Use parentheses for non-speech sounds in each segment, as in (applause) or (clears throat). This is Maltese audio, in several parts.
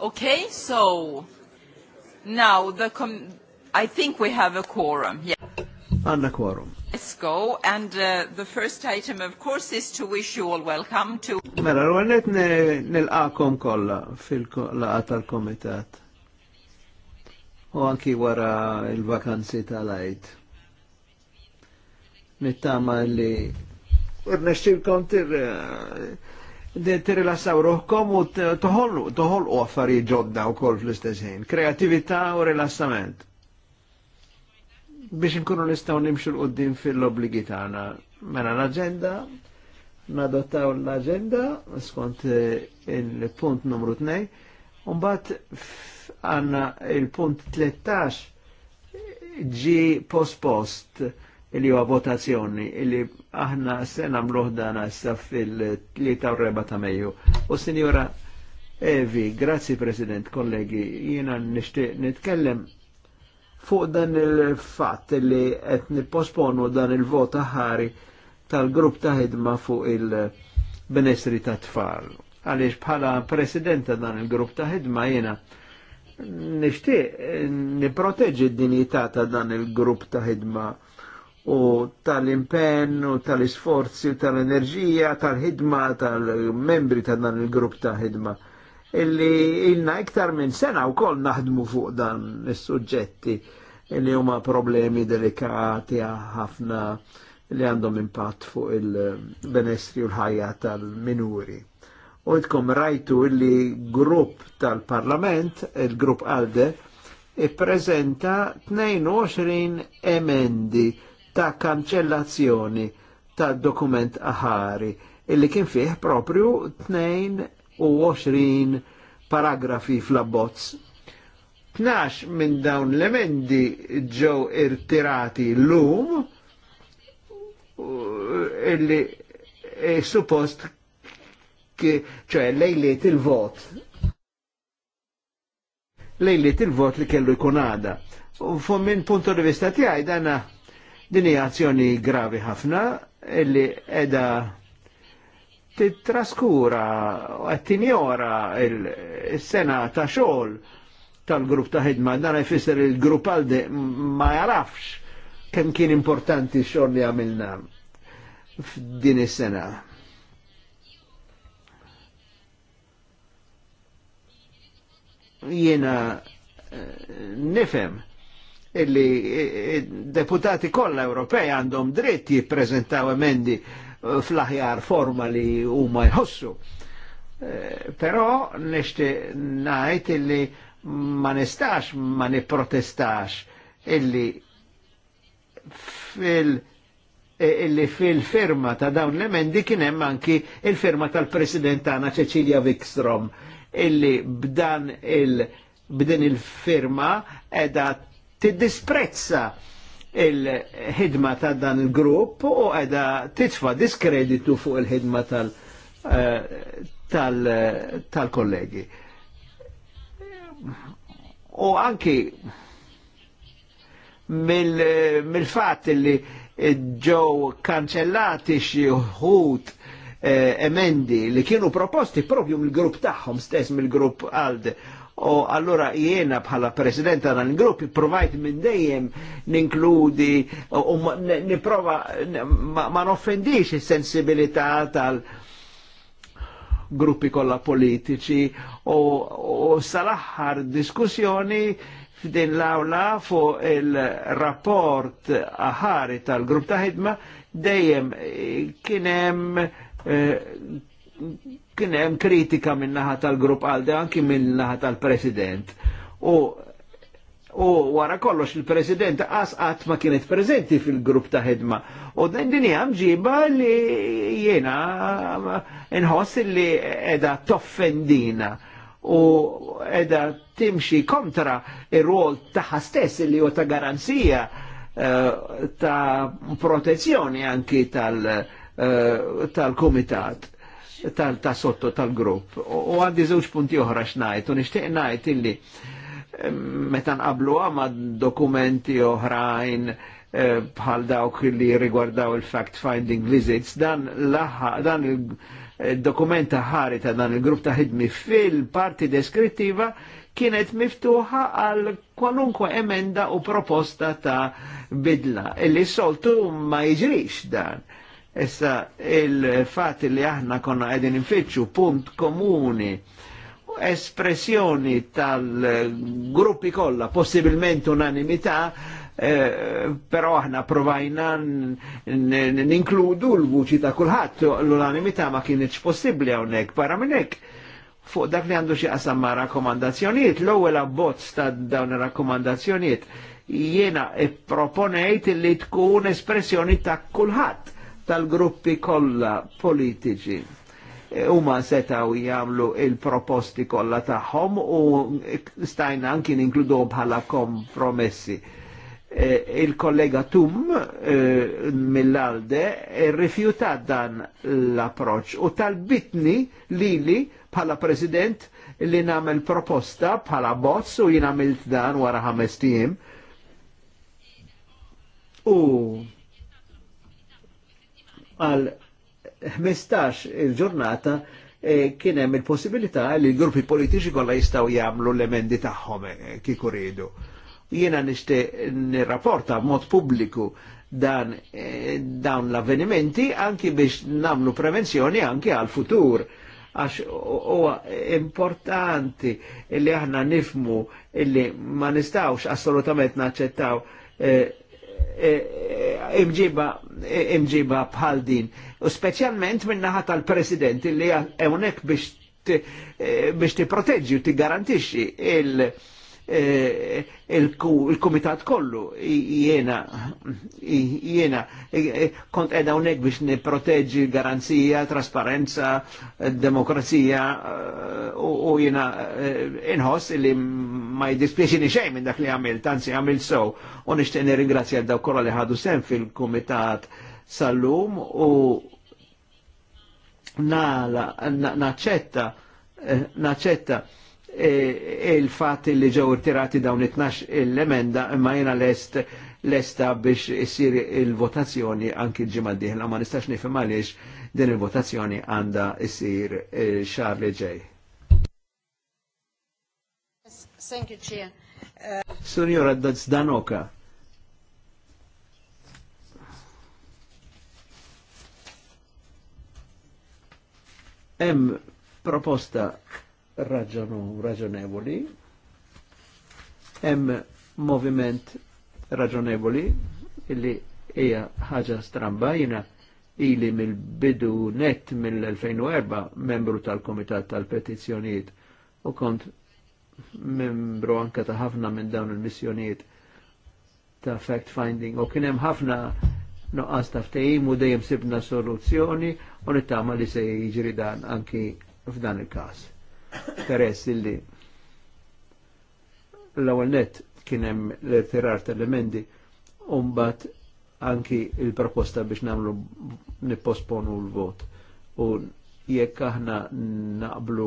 Okay, so now the com I think we have a quorum. Yeah. Anna quorum. Let's go, and uh, the first item, of course, is to wish you all welcome to... Mela, l-għanet nil-għakom kolla fil-laqa tal-komitat. U anki wara il-vakanzi tal-għajt. Nittama li... Urna xilkom tir eh, t-rilassaw ruħkom u toħol u affari ġodda u wkoll fl-istess ħin. Kreatività u rilassament. Biex nkunu nistgħu nimxu l qudiem fil-obbligi tagħna. Mela l-aġenda, nadottaw l-aġenda skont eh, il-punt numru 2, u mbagħad għandna il-punt 13 ġi post-post li huwa votazzjoni li aħna sena nagħmluh dan issa fil-3 ta' Mejju. U Sinjora Evi, grazzi President, kollegi, jiena nixtieq nitkellem fuq dan il-fatt li qed nipposponu dan il-vot ħari tal-grupp ta' ħidma fuq il-benessri ta' tfal. Għaliex bħala President ta' dan il-grupp ta' ħidma jiena nixtieq niproteġi d-dinjità ta' dan il-grupp ta' ħidma u tal-impenn u tal-isforzi u tal-enerġija, tal-ħidma, tal-membri ta' dan il-grupp ta' ħidma illi ilna iktar minn sena u kol naħdmu fuq dan is-suġġetti illi huma problemi delikati ħafna li għandhom impatt fuq il-benestri u l-ħajja tal-minuri. U jtkom rajtu illi grupp tal-parlament, il-grupp għalde, i-prezenta 22 emendi ta' kanċellazzjoni ta' dokument aħari illi kien fih propriu 22 paragrafi fl-abbozz. 12 minn dawn l-emendi ġew irtirati l-lum illi e suppost ċoħe lejliet il-vot lejliet il-vot li kellu jkun għada. U minn punto di vista tiegħi dana Din hija azzjoni gravi ħafna illi edha titraskura u qed tinjora il-sena ta' xogħol tal-grupp ta' ħidma dan jfisser il-grupp għaldi ma jarafx kemm kien importanti xogħol li għamilna f'din is-sena. Jiena eh, nifhem illi eh, deputati kollha Ewropej għandhom dritt jippreżentaw emendi eh, fl-aħjar forma li huma jħossu. Eh, però nixti ngħid illi ma nistax ma niprotestax illi fil- illi fil-firma ta' dawn l-emendi kien hemm anki il-firma tal-President tagħna Cecilia Wikstrom illi b'dan il- b'din il-firma edha tiddisprezza il-ħidma ta' dan il-grupp u għeda titfa diskreditu fuq il-ħidma eh, tal-kollegi. U anki mill-fat li ġew kanċellati xi ħut eh, emendi li kienu proposti propju mill-grupp tagħhom stess mill-grupp għalde U allora jiena bħala president tal-grupp provajt minn dejjem ninkludi u niprova ma noffendix is-sensibilità tal- gruppi kollha politiċi u sal-aħħar diskussjoni f'din l-awla fuq il-rapport aħari tal-grupp ta' ħidma dejjem eh, kien hemm eh, kien hemm kritika min-naħa tal-grupp għalde anki min-naħa tal-President. U u wara kollox il-President qas qatt ma kienet preżenti fil-grupp ta' ħidma. U dan din hija mġiba li jiena inħoss li qiegħda toffendina u qiegħda timxi kontra ir-rol tagħha stess li huwa ta' garanzija eh, ta' protezzjoni anki tal- eh, tal ta' sotto tal-grupp. U għandi żewġ punti oħra xnajt, u nixtieq ngħid illi meta nqablu ma' dokumenti oħrajn eh, bħal dawk li rigwardaw il-fact-finding visits, dan, dan il-dokumenta eh, ħari ta' dan il-grupp ta' ħidmi fil-parti deskrittiva kienet miftuħa għal kwalunkwe emenda u proposta ta' bidla. Illi soltu ma jiġrix dan. Issa il-fat li aħna konna għedin infittxu punt komuni espressjoni tal-gruppi kollha, possibilment unanimità, eh, però aħna provajna ninkludu l-vuċi ta' kulħadd l-unanimità ma kienieċ possibbli hawnhekk para minn hekk. Fuq dak li għandu xi qasam ma' rakkomandazzjonijiet, l-ewwel abbozz ta' dawn rakkomandazzjoniet rakkomandazzjonijiet jiena e proponejt li tkun espressjoni ta' kulħadd tal-gruppi kollha politiċi e, huma setaw jagħmlu il-proposti kollha tagħhom u stajna anki ninkludu bħala kompromessi. E, Il-kollega Tum e, mill-Alde e, dan l-approċ u tal-bitni lili bħala president li namel proposta bħala bozz u jina dan wara ħames tiem. U għal 15 il-ġurnata e, kien hemm il-possibilità li l-gruppi politiċi kollha jistgħu jagħmlu l-emendi tagħhom e, kieku rridu. Jiena nixtieq nirrapporta mod pubbliku dan e, dawn l-avvenimenti anki biex namlu prevenzjoni anki għal futur għax huwa importanti li aħna nifmu illi ma nistawx assolutament naċċettaw eh, Eh, eh, imġiba eh, imġiba bħal din. U speċjalment minnaħa tal-President li għonek biex ti proteġi u garantixi il- Eh, il-komitat kollu jiena jiena kont edha unek biex proteġi garanzija, trasparenza, demokrazija eh, u jiena eh, inħoss li ma ni xej minn dak li għamil, tanzi għamil so u nishtiq nirringrazzja daw kolla li ħadu sen fil-komitat sal-lum u naċċetta naċċetta E, il-fat li ġew irtirati dawn it-12 l-emenda imma jena lest lesta biex issir il-votazzjoni anki l-ġimgħa d-dieħla ma nistax nifhem għaliex din il-votazzjoni għandha issir e, xahar li ġej. Thank you, Chair. Uh, Sunjora Danoka. Hemm proposta raġonu raġonevoli, hemm moviment raġonevoli illi hija ħaġa stramba jina ili mill-bidu net mill-2004 membru tal-Komitat tal-Petizzjonijiet u kont membru anka ta' ħafna minn dawn il-missjonijiet ta' fact-finding u kienem ħafna noqqas ta' ftehim u dejjem sibna soluzzjoni u nittama li se jiġri dan anki f'dan il-każ peress illi l-ewwel net kien hemm l-tirar tal-emendi u mbagħad anki il-proposta biex nagħmlu nipposponu l-vot. U jekk aħna naqblu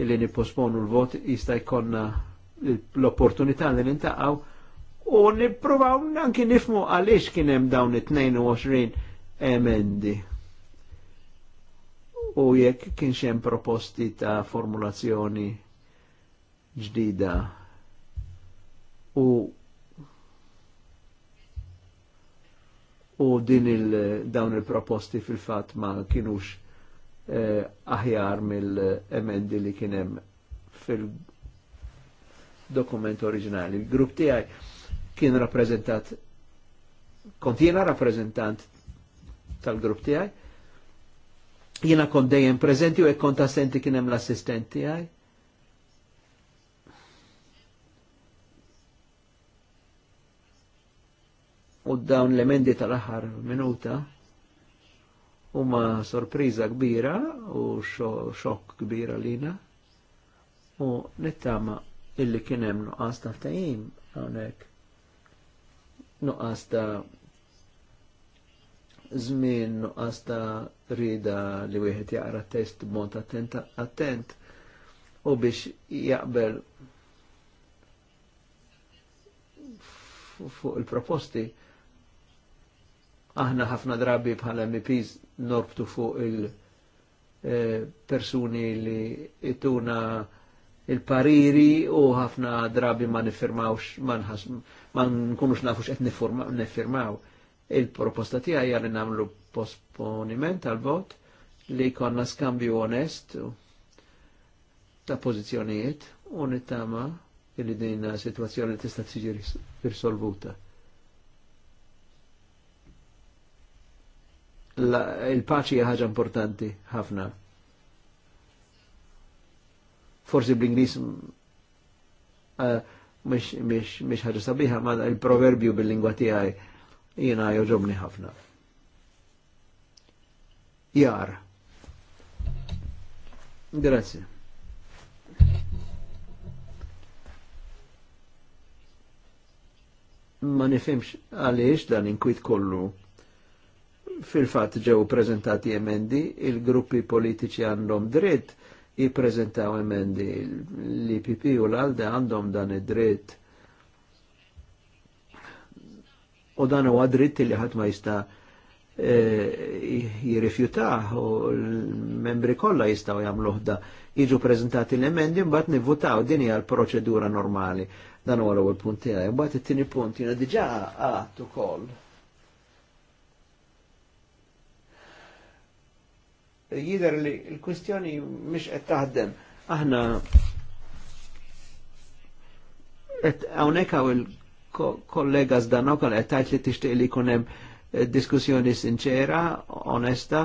li nipposponu l-vot jista' jkollna l-opportunità li nintaqgħu u nippruvaw anki nifmu għaliex kien hemm dawn it-22 emendi u jekk kien xem proposti ta' formulazzjoni ġdida u u din il dawn il-proposti fil-fat ma kienux eh, aħjar mill-emendi li kienem fil-dokument oriġinali. Il-grupp tiegħi kien rappresentat, kontina rappreżentant rappresentant tal-grupp tiegħi jina kon dejjem prezenti u jek assenti kien hemm l-assistenti għaj. U dawn l-emendi tal-aħħar minuta huma sorpriża kbira u xokk kbira lina u nittama illi kien hemm nuqqas ta' ftehim hawnhekk nuqqas ta' żmien nuqqas ta' rida li wieħed jaqra test b'mod attent attent u biex jaqbel fuq il-proposti aħna ħafna drabi bħala MPs norbtu fuq il-persuni eh, li ituna il-pariri u ħafna drabi ma nifirmawx, ma nkunux nafux qed nifirmaw. Il-proposta tija hija li nagħmlu posponiment għal vot li konna skambju onest ta' pożizzjonijiet u nittama li din situazzjoni tista' tiġi risolvuta. Il-paċi hija ħaġa importanti ħafna. Forsi bl-Ingliż eh, mhix ħaġa sabiħa, ma il-proverbju bil-lingwa tiegħi jina joġobni ħafna. Jar. Grazie. Ma nifimx għaliex dan inkwit kollu fil-fat ġew prezentati emendi, il-gruppi politiċi għandhom dritt jiprezentaw emendi, l-IPP u l-ALDE għandhom dan id-dritt u dan huwa dritt li ħadd ma jista' e, jirrifjutah u l-membri kollha jistgħu jagħmluh da jiġu preżentati l-emendi mbagħad nivvutaw din hija l-proċedura normali. Dan huwa l-ewwel punt tiegħi. Mbagħad it-tieni punt jiena diġà qatt ukoll. Jider li l-kwistjoni mhix qed taħdem. Aħna hawnhekk il kollega zdanok, kon għetajt li tixtiq li kunem eh, diskussjoni sinċera, onesta,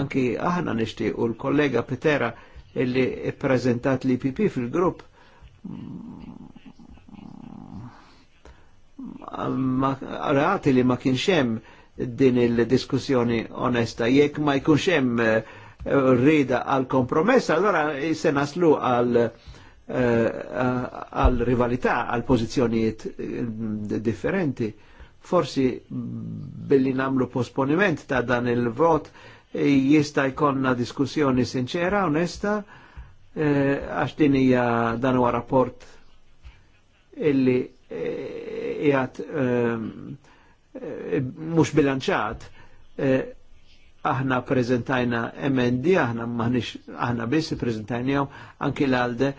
anki aħna nishtiq u l-kollega Petera illi prezentat li pipi fil-grupp raħati li ma kienxem din il-diskussjoni onesta, jekk ma jkunxem rrida eh, għal kompromessa allora se naslu għal uh, Eh, għal rivalità, għal pożizzjonijiet eh, differenti. Forsi billi namlu posponiment ta' dan il-vot eh, jista' jkollna diskussjoni sinċera, onesta, għax din hija dan huwa rapport illi jgħat mhux bilanċat aħna prezentajna MND, aħna maħnix, aħna biss prezentajnijom, anki l-għalde,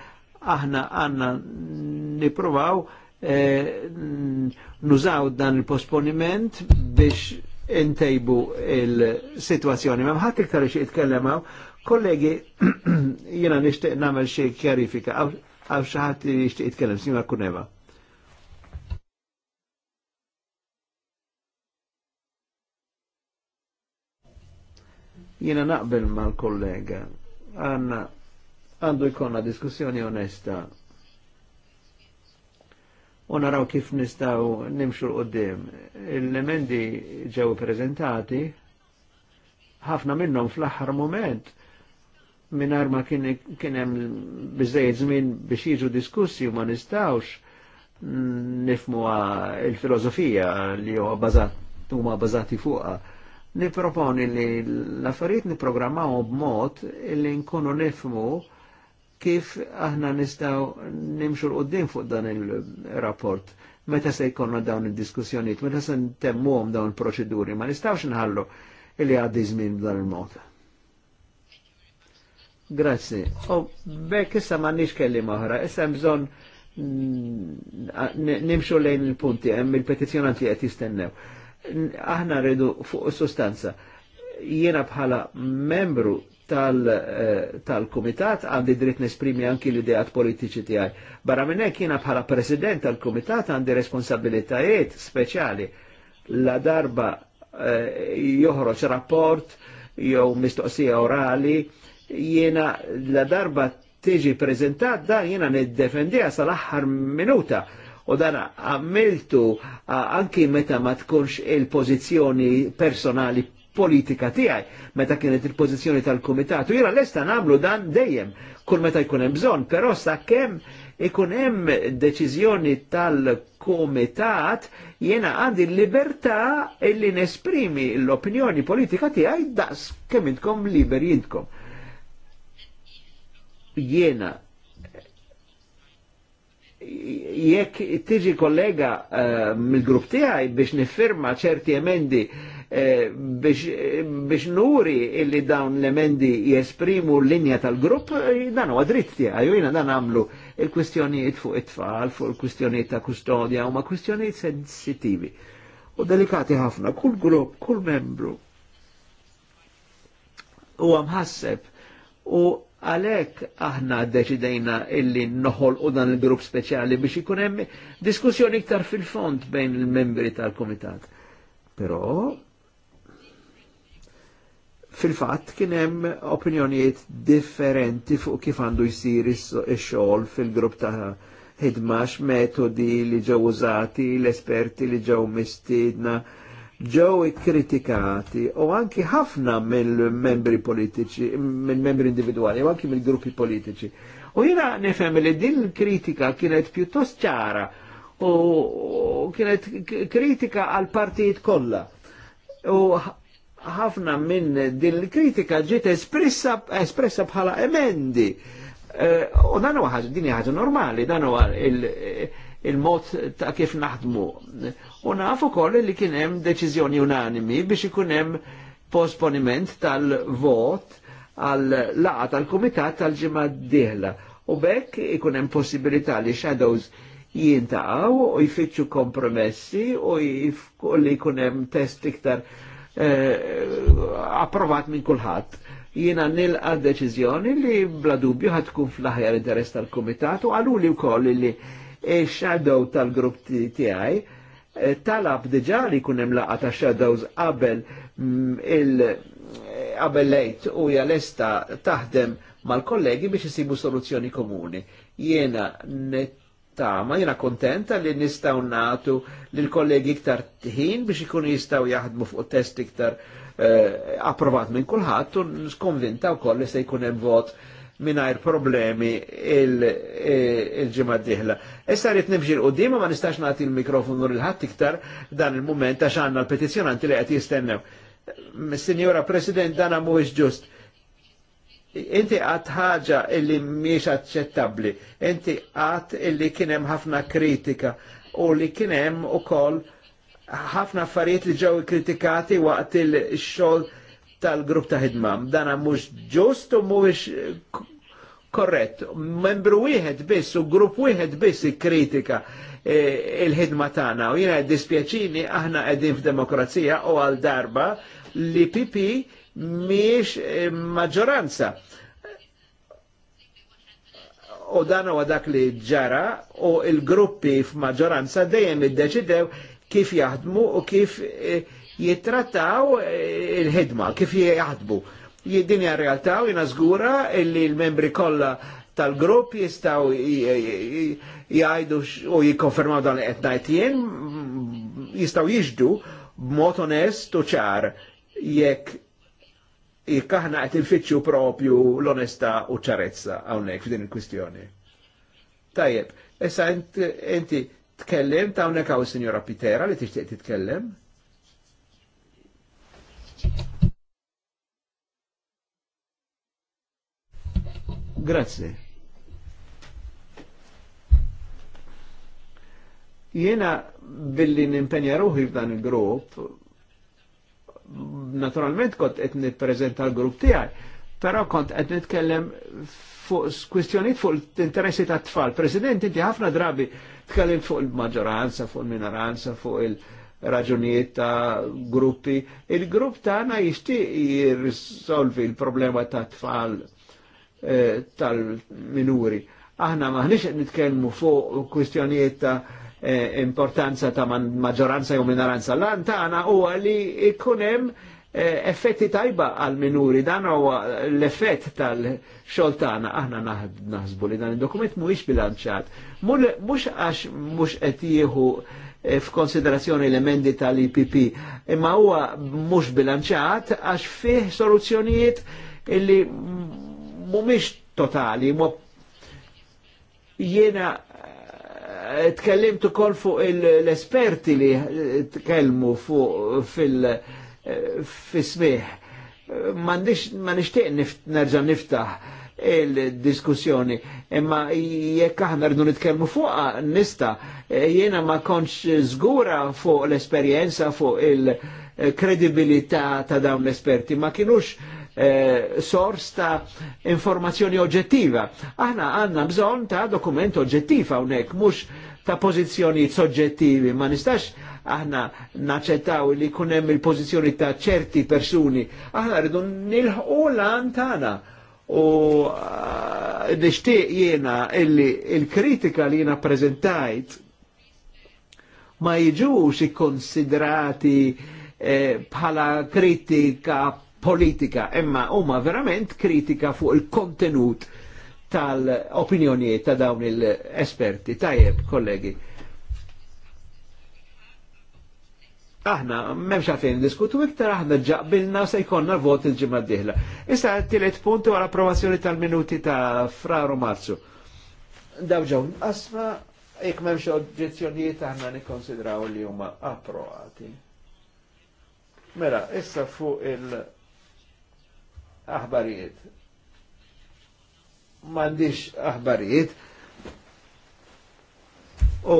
aħna għanna niprovaw eh, nużaw dan il-posponiment biex intejbu il-situazzjoni. Ma mħat iktar xie jitkellemaw, kollegi, (clears throat) jena nishtiq namel xie kjarifika, għaw xaħat jishtiq jitkellem, Signor Kuneva. Jena naqbel mal-kollega, għanna għandu jkollna diskussjoni onesta u naraw kif nistaw nimxu l-qoddim. Il-lemendi ġew prezentati, ħafna minnhom fl-aħħar moment minar ma kien hemm zmin żmien biex jiġu diskussi u ma nistawx nifmu il-filosofija li huwa bażat huma bażati fuqha. Niproponi li l-affarijiet nipprogrammaw b'mod li nkunu nifmu kif aħna nistaw nimxu l-qoddim fuq dan il-rapport meta se jkonna dawn il-diskussjoniet, meta se ntemmuhom dawn il-proċeduri, ma nistawx nħallu il li għaddi żmien b'dan il-mod. Grazzi. U bekk issa m'għandniex kelli oħra, issa hemm bżonn nimxu lejn il-punti, hemm il-petizzjonanti qed jistennew. Aħna rridu fuq is-sustanza. Jiena bħala membru tal eh, komitat tal għandi dritt nesprimi anki l-idejat politiċi tijaj. Barra minn hekk bħala President tal komitat għandi responsabilitajiet speċjali la darba eh, joħroġ rapport jew mistoqsija orali jiena la darba tiġi prezentat dan jiena niddefendiha sal-aħħar minuta u dan għamiltu anki meta ma tkunx il pozizjoni personali politika tiegħi meta kienet il-pożizzjoni tal-Kumitat. U jiena lesta nagħmlu dan dejjem kull meta jkun hemm bżonn, però sakemm ikun hemm deċiżjoni tal-Kumitat jiena għandi l-libertà illi nesprimi l-opinjoni politika tiegħi daqs kemm intkom liberi intkom. Jiena jekk tiġi kollega uh, mill-grupp tiegħi biex nifferma ċerti emendi Eh, biex nuri illi dawn l-emendi jesprimu l-linja tal-grupp, eh, dan huwa dritt jiena dan għamlu il-kwistjonijiet fuq it-tfal, fuq il-kwistjonijiet ta' kustodja, huma kwistjonijiet sensitivi u delikati ħafna, kull grupp, kull membru u għamħasseb u għalek aħna deċidejna illi noħol u dan il-grupp speċjali biex ikun hemm diskussjoni iktar fil-fond bejn il-membri tal-komitat. Però Fil-fatt kien hemm opinjonijiet differenti fuq kif għandu jsir ix-xogħol fil-grupp ta' ħidmax metodi li ġew użati, l-esperti li ġew mistiedna, ġew ikkritikati u anki ħafna mill-membri politiċi, mill-membri individwali, u anki mill-gruppi politiċi. U jena nifhem li din kritika kienet pjuttost ċara u kienet kritika għal partijiet kollha. U ħafna minn din l-kritika ġiet espressa espressa bħala emendi. Eh, u dan huwa din ħaġa normali, dan huwa il-mod ta' kif naħdmu. U naf ukoll li kien hemm deċiżjoni unanimi biex ikun hemm posponiment tal-vot għal laqa tal-kumitat tal-ġimgħa d-dieħla. U bekk ikun hemm possibilità li shadows jintaqgħu u jfittxu kompromessi u li jkun hemm test iktar Eh, approvat minn kulħadd. Jiena nilqa deċiżjoni li bla dubju ħad tkun fl-aħjar interess tal-Kumitat u għalu li wkoll li shadow tal-grupp tiegħi eh, talab diġà li jkun hemm laqgħa ta' shadows qabel mm, il eh, qabel lejt u jalesta taħdem mal-kollegi biex isibu soluzzjoni komuni. Jiena net Ta'ma jena kontenta li nistaw natu li l-kollegi iktar tħin biex ikun jistaw jaħdmu fuq test iktar eh, approvat minn kulħadd u skonvinta wkoll li se jkun hemm vot mingħajr problemi eh, il-ġimgħa il, il diħla. Issa rrid nimxi l qudiem ma nistax nagħti l-mikrofonu lil ħadd iktar dan il-mument għax għandna l-petizzjonanti li qed jistennew. Signora President, dan għamu ġust inti għat ħaġa illi miex aċċettabli, inti għat illi kienem ħafna kritika u li kienem u koll ħafna affarijiet li ġew kritikati waqt il-xogħol tal-grupp ta' ħidma. Dana mhux ġust u mhuwiex korrett. Membru wieħed biss u grupp wieħed biss il-kritika e, il-ħidma tagħna u jiena dispjaċini aħna qegħdin f'demokrazija u għal darba li pipi miex eh, maġġoranza. U dan huwa dak li ġara u il-gruppi f'maġġoranza dejjem iddeċidew kif jaħdmu u kif eh, jittrattaw eh, il-ħidma, kif jaħdmu. Jiddinja realtà u jina zgura illi l-membri kollha tal-grupp jistaw jgħajdu u jikonfermaw dan jien jistaw jiġdu b'mod onest u ċar jekk jikkaħna għet il-fitxu propju l-onesta u ċarezza għawnek f'din il-kwistjoni. Tajjeb, issa inti tkellem ta' għawnek għaw signora Pitera li tixtieq titkellem? Grazie. Jena billi nimpenja ruħi f'dan il-grupp naturalment kont qed nippreżenta l-grupp tiegħi, però kont qed nitkellem fuq kwistjonijiet fuq l-interessi tat tfal. President, inti ħafna drabi tkellim fuq il-maġġoranza, fuq il-minoranza, fuq il raġunijiet ta' gruppi. Il-grupp tagħna jixtieq jirrisolvi l-problema ta' tfal eh, tal-minuri. Aħna maħniex qed nitkellmu fuq kwistjonijiet ta' eh, importanza ta' maġġoranza jew minoranza l-għan tagħna huwa li jkun hemm eh, effetti tajba għal minuri dan huwa l-effett tal-xogħol tagħna aħna naħsbu li dan id-dokument mhuwiex bilanċat. Mhux għax mhux qed jieħu eh, f'konsiderazzjoni l-emendi tal-IPP, imma huwa mhux bilanċat għax fih soluzzjonijiet illi mhumiex totali, jiena Tkellimt ukoll fuq l-esperti li tkellmu fuq fil-smiħ. Ma nixtieq nerġa' niftaħ il-diskussjoni. Imma jekk aħna rridu nitkellmu fuq nista, jiena ma konċ żgura fuq l-esperjenza, fuq il-kredibilità ta' dawn l-esperti. Ma kienux eh, sors ta' informazzjoni oġġettiva. Aħna għandna bżonn ta' dokument oġġettiv hawnhekk, mhux ta' pożizzjoni soġġettivi, ma nistax aħna naċċettaw li jkun hemm il-pożizzjoni ta' ċerti persuni. Aħna rridu nilħu l-għan tagħna u eh, nixtieq jiena illi il-kritika li jiena prezentajt ma jiġux ikkonsidrati eh, bħala kritika politika, imma huma verament kritika fuq il-kontenut tal-opinjonijiet ta' dawn il-esperti. Tajjeb, kollegi. Aħna, memx għafin diskutu iktar, aħna ġaqbilna se jkonna vot il-ġimma diħla. Issa, t-tilet puntu għal approvazzjoni tal-minuti ta' fraru marzu. Dawġaw, asma, jek memx oġġezzjonijiet aħna nikonsidraw li huma approvati. Mela, issa fuq il- aħbarijiet. M'għandix aħbarijiet. U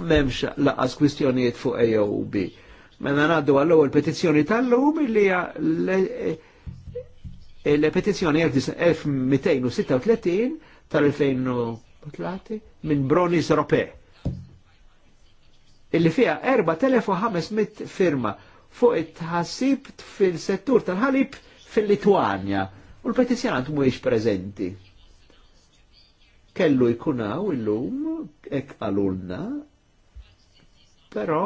memx laqas kwistjonijiet fuq AOB. Mena naddu għallu ewwel petizzjoni tal-lum li hija l-petizzjoni 1236 tal-2003 minn Bronis Rope. Illi fija 4500 firma fuq it ħasib fil-settur tal-ħalib fil-Litwanja u l-petizjonant mhuwiex prezenti. Kellu jkunaw il illum hekk għalulna, però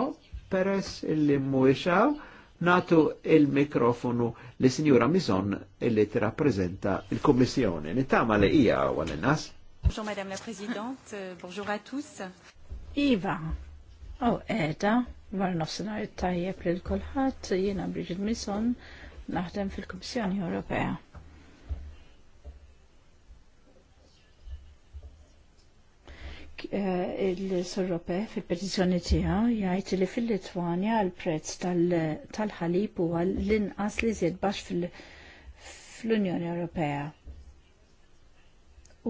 peress illi mhuwiex natu il-mikrofonu li sinjura Mizon il-li t-rapprezenta il komissjoni Nittama li hija għal nas. Bonjour Madame la Présidente, bonjour à tous. Iva, u oh, edha, var nofsenar tajjeb li l-kolħat, jena Brigitte Mison, naħdem fil komissjoni Ewropea. Eh, il-Sorrope fil-petizjoni tija jgħid li fil-Litwanja l-prezz tal-ħalib huwa l-inqas li żied baxx fl-Unjoni Ewropea.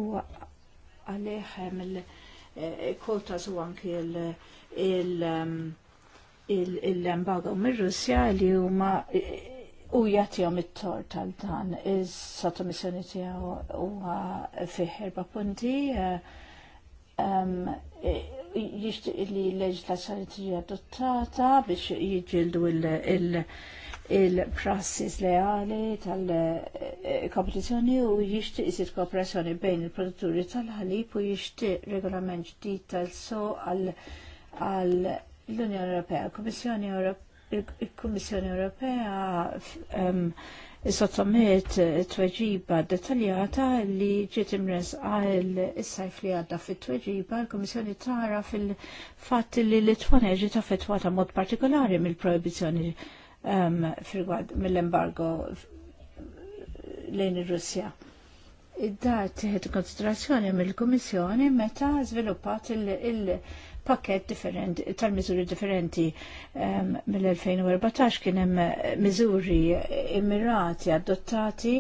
U għalih hemm il-kwotas eh, u anki il mm, embargo mir-Russja li huma eh, u jagħtihom it-tor tal dan is-sottomissjoni tiegħu huwa fih erba' punti eh, jixtieq li l-leġislazzjoni tiġi adottata biex jiġildu il-prassis leali tal-kompetizzjoni u jixtieq isid kooperazzjoni bejn il-produtturi tal-ħalib u jixtieq regolament ġdid tal-so għal l-Unjoni Ewropea, Kummissjoni Ewropea il-Kummissjoni Ewropea sottomiet eh, tweġiba dettaljata li ġiet imresqa il-sajf li għadda fit-tweġiba l-Kummissjoni tara fil-fatt li l-Litwana ġiet affettwata mod partikolari mill-proibizzjoni mill-embargo lejn ir-Russja. id dat tieħed konsiderazzjoni mill-Kummissjoni meta żviluppat il- pakket differenti tal-miżuri differenti um, mill-2014 kien hemm miżuri immirati adottati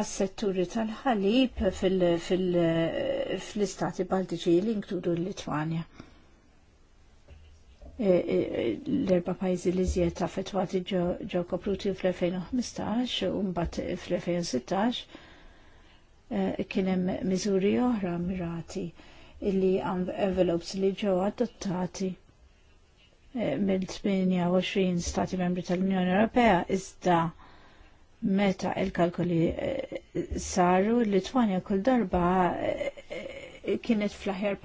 għas-setturi tal-ħalib fil-istati Baltiċi li inkludu l-Litwanja. E, e, l-erba pajzi li zjed affettwati ġew kopruti fl-2015 u mbagħad fl-2016 e, kien hemm miżuri oħra mirati illi għam envelopes li ġew adottati eh, mill-28 stati membri tal-Unjoni Ewropea iżda meta il-kalkoli eh, saru l-Litwanja kull darba eh, kienet fl-aħjar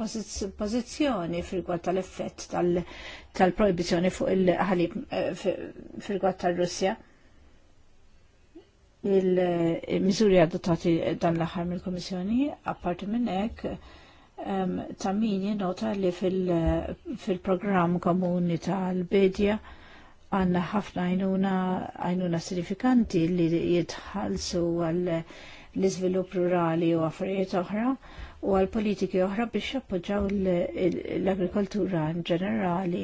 pozizjoni fil-gwad tal-effett tal-proibizjoni fuq il-ħalib fil-gwad tal-Russja. Il-mizuri adottati dan l-aħħar mill-Komissjoni, apparti minn hekk, um, ta' min jinota li fil-programm fil komuni tal-bidja għanna ħafna għajnuna għajnuna sinifikanti li jitħalsu għal l-izvilup rurali u affarijiet oħra u għal politiki oħra biex jappoġġaw l-agrikoltura in ġenerali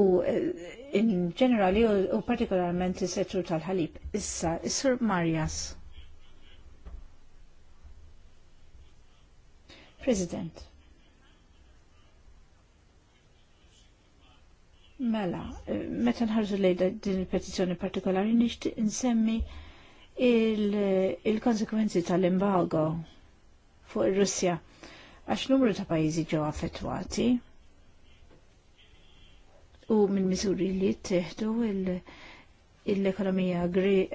u in ġenerali u partikolarment is-settur tal-ħalib. Issa, is-Sur Marjas. President. Mela, eh, meta nħarġu lejda din il-petizjoni partikolari nixtieq insemmi il-konsekwenzi il tal-imbago fuq ir-Russja għax numru ta' pajjiżi ġew affettwati u minn miżuri li ttieħdu il- l-ekonomija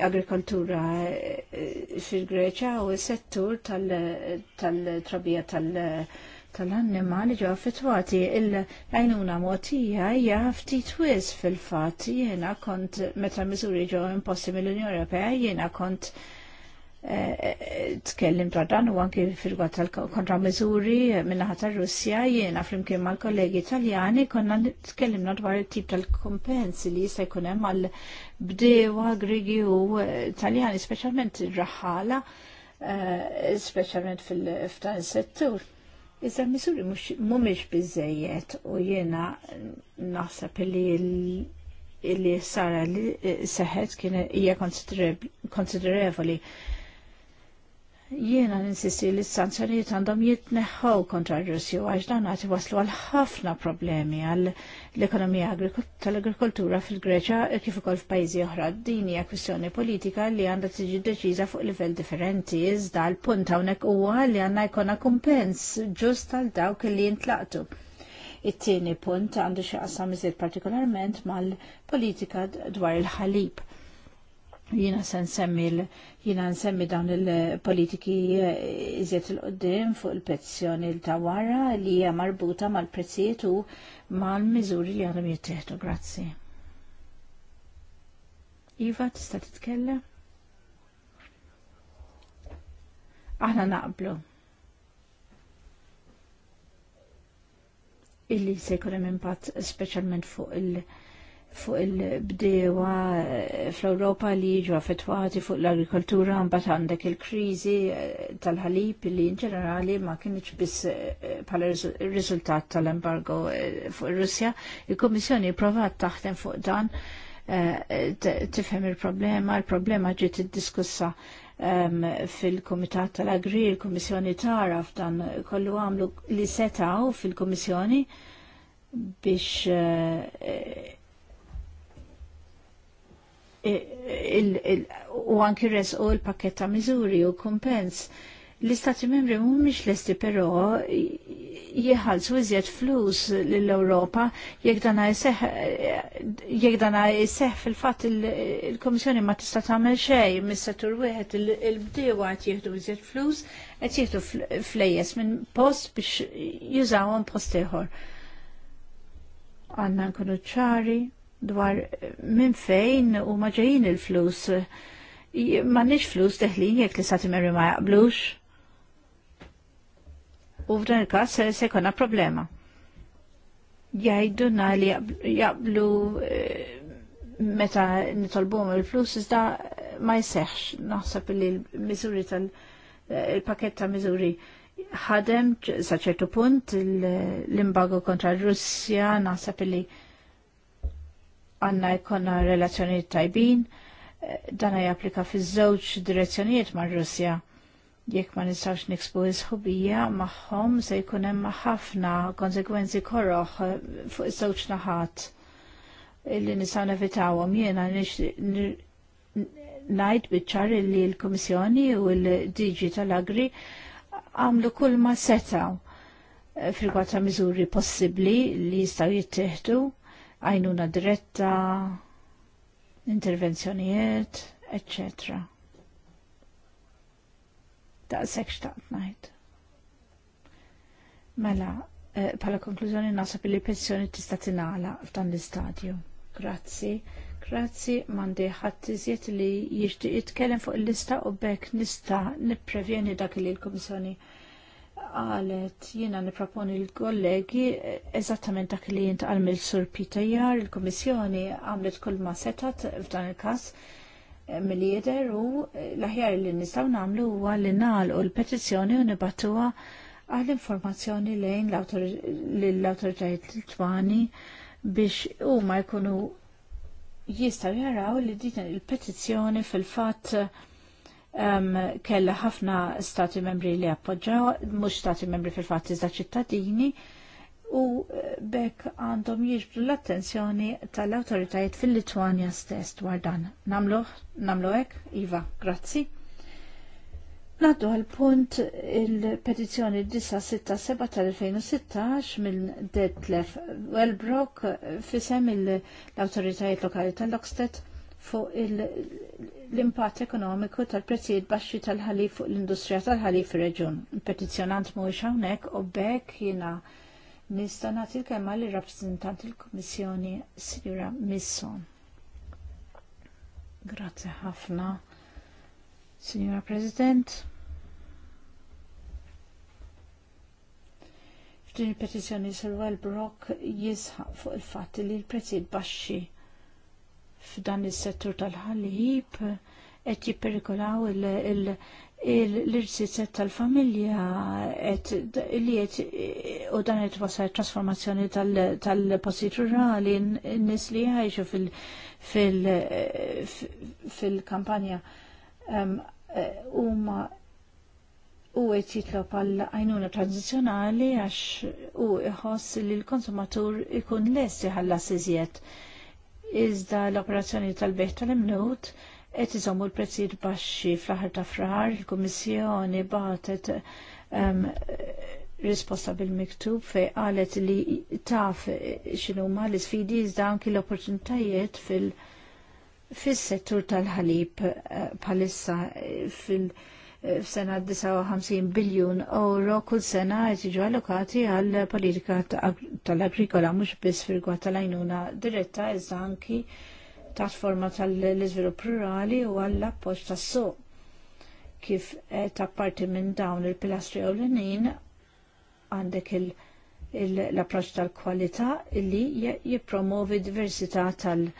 agrikoltura eh, eh, fil-Greċa u s-settur tal-trabija tal-annimali ġo affettuati Il-għajnuna motija hija ftit wis fil fat jiena kont meta miżuri ġo imposti mill-Unjoni Ewropea jiena kont tkellim dwar dan u anki firgwa tal-kontra miżuri minnaħa tar-Russja jiena flimkien mal-kollegi Italjani, konna tkellimna dwar it-tip tal-kompensi li jista' jkun hemm għal bdewa Grigi u Taljani speċjalment il raħala eh, speċjalment f'dan is-settur. Iżda miżuri mhumiex biżejjed u jiena naħseb li illi sara li seħet kien hija konsiderevoli jiena ninsisti li s-sanzjonijiet għandhom jitneħħu kontra r-Russju għax dan għati waslu għal ħafna problemi għal l-ekonomija tal-agrikoltura fil-Greċa kif ukoll f'pajjiżi oħra. Din hija kwistjoni politika li għandha tiġi deċiża fuq livell differenti iżda l-punt hawnhekk huwa li għandna jkollna kumpens ġust għal dawk li jintlaqtu. It-tieni punt għandu xi qasam iżid partikolarment mal-politika dwar il-ħalib jina sen semmi jina nsemmi dawn il-politiki eh, iżiet il-qoddim fuq il-pezzjoni l-tawara li hija marbuta mal-prezzijiet u mal-miżuri li għandhom jittieħdu. Grazzi. Iva, tista' titkellem? Aħna naqblu. Illi se jkun hemm impatt speċjalment fuq il- fuq il-bdewa eh, fl-Europa li jiġu affettwati fuq l-agrikoltura mbagħad għandek il-kriżi eh, tal-ħalib li in ġenerali ma kienx biss eh, bħala riżultat tal-embargo fuq ir-Russja. Il-Kummissjoni provat taħdem fuq dan tifhem il-problema, il-problema ġiet iddiskussa ehm, fil-Kumitat tal-Agri, il-Kummissjoni tara f'dan kollu għamlu li setaw fil-Kummissjoni biex u anki u l-pakket ta' miżuri u kumpens. L-Istati Membri mhumiex lesti però jieħal iżjed flus lill-Ewropa jekk dana jseħħ fil-fatt il-Komissjoni ma tista' tagħmel xejn mis-settur wieħed il-bdiewa qed jieħdu iżjed flus qed jieħdu flejjes minn post biex jużawhom post ieħor. Għandna nkunu ċari dwar minn fejn u maġajin il-flus. Ma nix flus teħlin jek li sati merri ma jaqblux. U f'dan il-kas se jkollna problema. Jajduna li jaqblu eh, meta nitolbum il-flus iżda ma jseħx naħseb li l-miżuri tal-pakket eh, ta' miżuri ħadem sa ċertu punt l-imbago kontra r-Russja naħseb li għanna jkonna relazzjonijiet tajbin, eh, dana japplika fi żewġ direzzjonijiet mar Russja. Jekk ma nistawx nixbu isħubija magħhom se jkun hemm ħafna konsekwenzi korroħ eh, fuq iż-żewġ naħat illi nistgħu nevitawhom jiena ngħid biċ-ċar illi l-Kummissjoni u l-Diġi tal-Agri għamlu kull ma setaw eh, fil-kwata miżuri possibbli li jistgħu jittieħdu għajnuna diretta, intervenzjonijiet, etc. Daqsek xtaqt najt. Mela, pala eh, konklużjoni nasab li pensjoni tista' tingħala f'dan l-istadju. Grazzi. Grazzi mandi ħadd iżjed li jixtieq jitkellem fuq il-lista u bekk nista' nipprevjeni dak li l komissjoni għalet jiena niproponi l-kollegi eżattament dak li jint għalmil sur Pitajar, il-Komissjoni għamlet kull ma setat f'dan il-kas eh, mill-jeder u eh, l-aħjar li nistaw namlu huwa li u l-petizzjoni u nibattuha għal informazzjoni lejn l-awtoritajiet Litwani biex huma jkunu jistaw jaraw li din il-petizzjoni fil-fatt um, kella ħafna stati membri li appoġġaw, mhux stati membri fil-fatt iżda ċittadini, u eh, bekk għandhom jiġbru l-attenzjoni tal-autoritajiet fil-Litwanja stess dwar dan. Namlu, namlu hekk, Iva, grazzi. Naddu għal punt il-petizjoni 967 tal-2016 minn Detlef Wellbrock fisem l-autoritajiet lokali tal-Lokstedt fuq l-impatt ekonomiku tal-prezzijiet baxxi tal-ħalif fuq l-industrija tal-ħalif fir-reġjun. Il-petizzjonant mhuwiex hawnhekk u bekk jiena nista' nagħti l-kelma lir rappreżentant il-Kummissjoni Sinjura Misson. Grazzi ħafna, Sinjura President. F'din il-petizzjoni Sir Brock jisħaq fuq il-fatt li l-prezzijiet baxxi f'dan is-settur tal-ħalib qed jipperikolaw l-irsizet tal-familja li qed u dan qed wasal trasformazzjoni tal-postijiet rurali n-nies li jgħixu fil-kampanja huma u qed jitlob għal għajnuna tradizzjonali għax u iħoss li l-konsumatur ikun lesti ħallas iżjed iżda l-operazzjoni tal-beħ tal-imnut qed iżommu l-prezzijiet baxxi fl-aħħar ta' frar, il-Kummissjoni batet um, risposta bil-miktub fej qalet li taf x'inhuma l-isfidi iżda anki l-opportunitajiet fil- fis-settur tal-ħalib eh, bħalissa fil- f'sena 59 biljun euro kull sena jtiġu allokati għal politika tal-agrikola mhux biss firgwa tal ajnuna diretta iżda anki taħt tal-iżvilupp rurali u għall appoġġ tas so kif tapparti minn dawn il-pilastri ewlenin għandek l-approċ tal-kwalità li jippromovi diversità tal-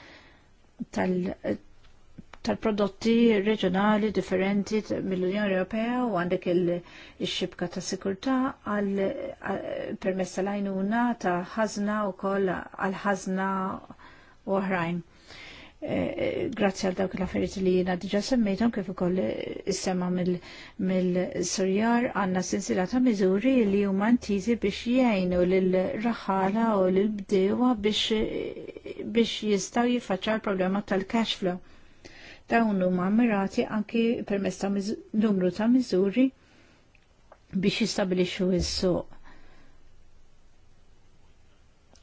tal-prodotti reġjonali differenti mill-Unjoni Ewropea u għandek il-xibka ta' sikurtà għal permess tal-għajnuna ta' ħazna u koll għal ħażna oħrajn. Eh, eh, grazzi għal dawk l-affarijiet li jiena diġa semmejthom kif ukoll is-sema mill-Surjar għandna sinsila ta' miżuri li huma ntiżi biex jgħinu lil raħala u lil bdewa biex jistgħu jiffaċċaw il-problema tal-cash flow Dawn huma ammirati anki permezz ta' numru ta' miżuri biex jistabilixxu s-suq.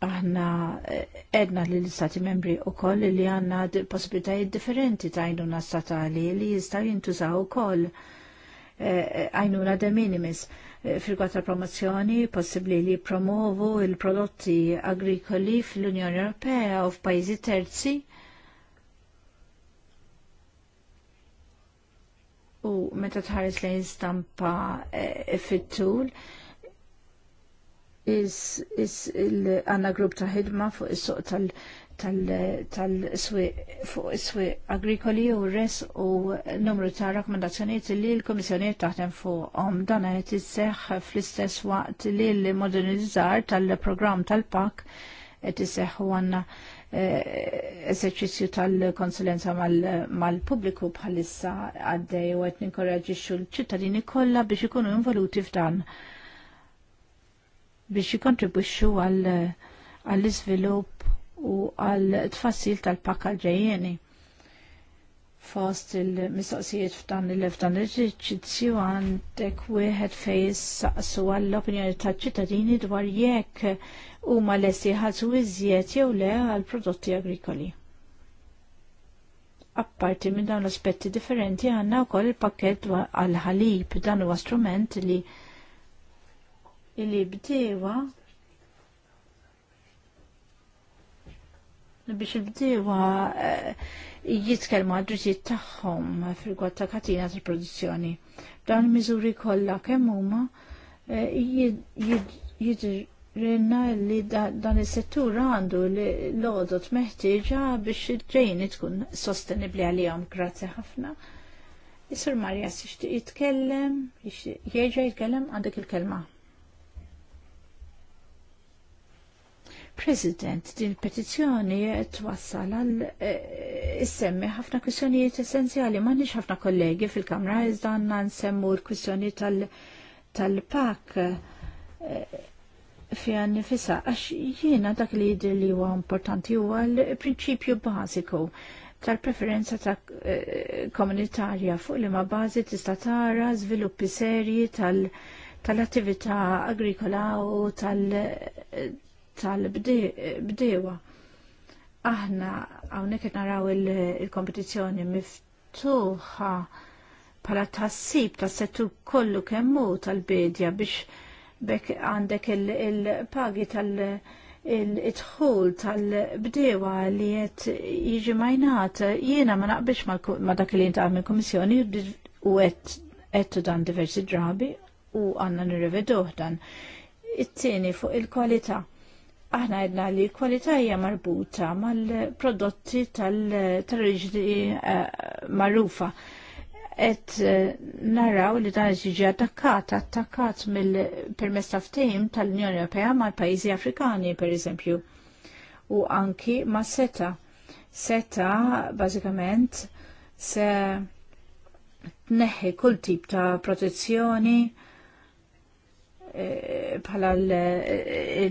Aħna eh, edna li l-istati membri u koll li għanna possibilitajiet differenti ta' għajnuna statali li jistaw jintużaw u koll eh, għajnuna de minimis eh, fil ta' promozzjoni possibli li promovu il-prodotti agrikoli fl-Unjoni Ewropea u f'pajjiżi terzi u meta tħares lejn stampa e, e, fit-tul is għanna grupp ta' ħidma fuq is-suq tal- tal-swiq fuq is-swiq agrikoli u res u numru ta' rakkomandazzjonijiet li l-Komissjoni taħdem fuqhom dan qed isseħħ fl-istess waqt li l-modernizzar tal-programm tal-PAK qed iseħħu għandna Eh, eżerċizzju tal-konsulenza mal-pubbliku bħalissa għaddej u qed ninkoraġixxu l-ċittadini kollha biex ikunu involuti f'dan biex jikontribwixxu għall-iżvilupp u għall tfassil tal-pakka ġejjeni fost il-mistoqsijiet f'dan il-f'dan il-ġizzju għandek wieħed fejn saqsu għall-opinjoni ta' ċittadini dwar jekk huma lesti ħadsu iżjed jew le għal prodotti agrikoli. Apparti minn dawn l-aspetti differenti għandna wkoll il-pakket għal ħalib dan huwa strument li li bdewa biex il-bdewa uh, eh, jitkellmu għad-drittijiet tagħhom fil-gwatt ta' katina tal-produzzjoni. Dan miżuri kollha kemm huma eh, jidrinna li dan is-settur għandu l-għodot meħtieġa biex il-ġejni tkun sostenibli għalihom. Grazzi ħafna. Isur Marja, s jitkellem, jieġa jitkellem għandek il-kelma. President, din petizzjoni twassal għal eh, issemmi ħafna kwistjonijiet essenzjali, ma nix ħafna kollegi fil-kamra, iżda għanna nsemmu l-kwistjoni tal-pak fi għan fissa, għax jiena dak li jidir li huwa importanti huwa l-prinċipju bażiku tal-preferenza ta' eh, komunitarja fuq li ma' bażi tista' tara żviluppi serji tal- tal-attività agrikola u tal- eh, tal-bdewa. Aħna hawnhekk qed naraw il-kompetizzjoni miftuħa bħala tassib tas kollu kemm hu tal-bedja biex bekk għandek il-pagi tal- il-idħol tal-bdewa li jett jiġi majnat jiena ma naqbix ma dak li jinta għamil komissjoni u għettu dan diversi drabi u għanna nirreveduħ dan. It-tieni fuq il-kwalità aħna għedna li kwalità hija marbuta mal-prodotti tal-riġdi eh, magħrufa. Et eh, naraw li dan ġiġi attakkat, attakkat mill-permess taftejm tal-Unjoni Ewropea mal-pajjiżi Afrikani, per eżempju, u anki ma' seta. Seta, bażikament, se tneħħi kull tip ta' protezzjoni, bħala eh,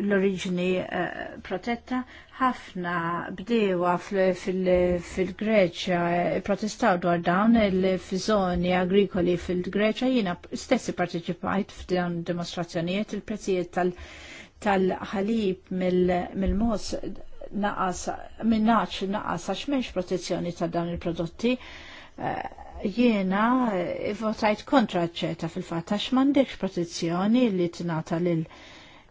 l-oriġini eh, protetta. ħafna bdewa fil-Greċja eh, protestaw dwar dawn il-fizzoni agrikoli fil-Greċja jiena stessi parteċipajt f'dawn dimostrazzjonijiet il-prezzijiet tal-ħalib mill-mos naqas minnaċ naqas għax menx protezzjoni ta' dawn il-prodotti jiena eh, votajt kontra ċeta fil fatta x'mandekx protezzjoni li tingħata lil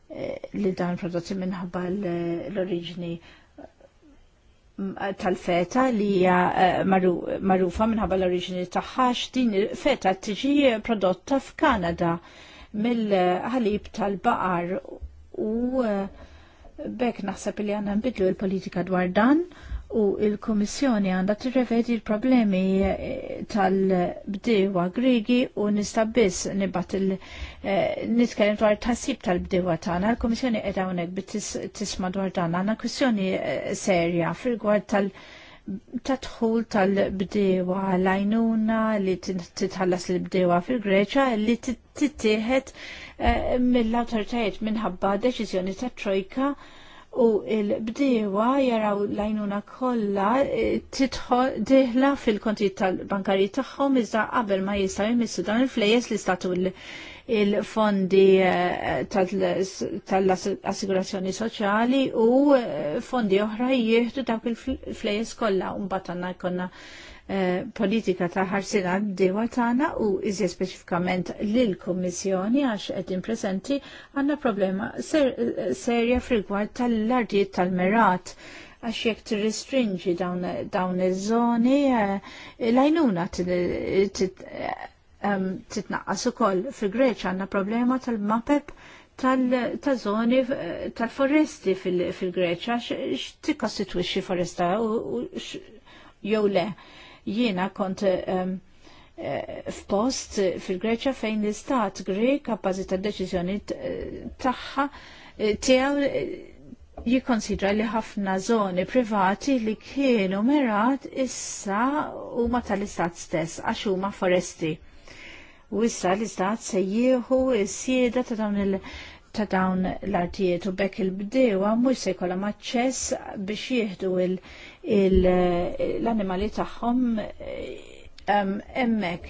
eh, li dan prodotti minħabba l-oriġini eh, tal-feta li hija magħrufa minħabba l-oriġini tagħha din il-feta tiġi prodotta f'Kanada mill-ħalib tal-baqar u bekk naħseb li għandna nbidlu l-politika dwar dan u il-Komissjoni għandha tirrevedi l-problemi eh, tal-bdewa Grigi u nista' biss il eh, nitkellem dwar tasib tal-bdewa tagħna. Il-Komissjoni qiegħda hawnhekk tisma' dwar dan għanna kwistjoni eh, serja fil gwar tal- tadħul tal-bdewa lajnuna li titħallas l-bdewa fil-Greċa li tittieħed mill-awtoritajiet minħabba deċiżjoni tat-Trojka u il-bdiewa jaraw lajnuna kollha eh, diħla fil konti tal-bankarji tagħhom iżda qabel ma jistaw jmissu dan il-flejes li statu il-fondi eh, tal-assigurazzjoni soċjali u eh, fondi oħra jieħdu dak il-flejes kollha u mbagħad għandna jkollna Eh, politika ta' ħarsina d-dima tagħna u iżja speċifikament lill-Kummissjoni għax qed impreżenti għandna problema serja frigward tal-ardijiet tal-merat għax jekk tirristringi dawn iż-żoni eh, l-għajnuna titnaqqas ukoll fil-Greċ għandna problema tal-mapep tal zoni eh, tal-foresti fil-Greċa x'tikostitwixxi foresta jew le. Jiena kont um, f'post fil-Greċja fejn l-istat Grek għabbażi ta' deċizjoni tagħha eh, tiegħu eh, jikkonsidra li ħafna zoni privati li kienu merat issa huma tal-istat stess għax huma foresti. U issa l-istat se jieħu s-sieda ta' dawn il- ta' dawn l-artijiet u bekk il-bdewa mhux se jkollhom aċċess biex jieħdu il- l-annimali tagħhom emmek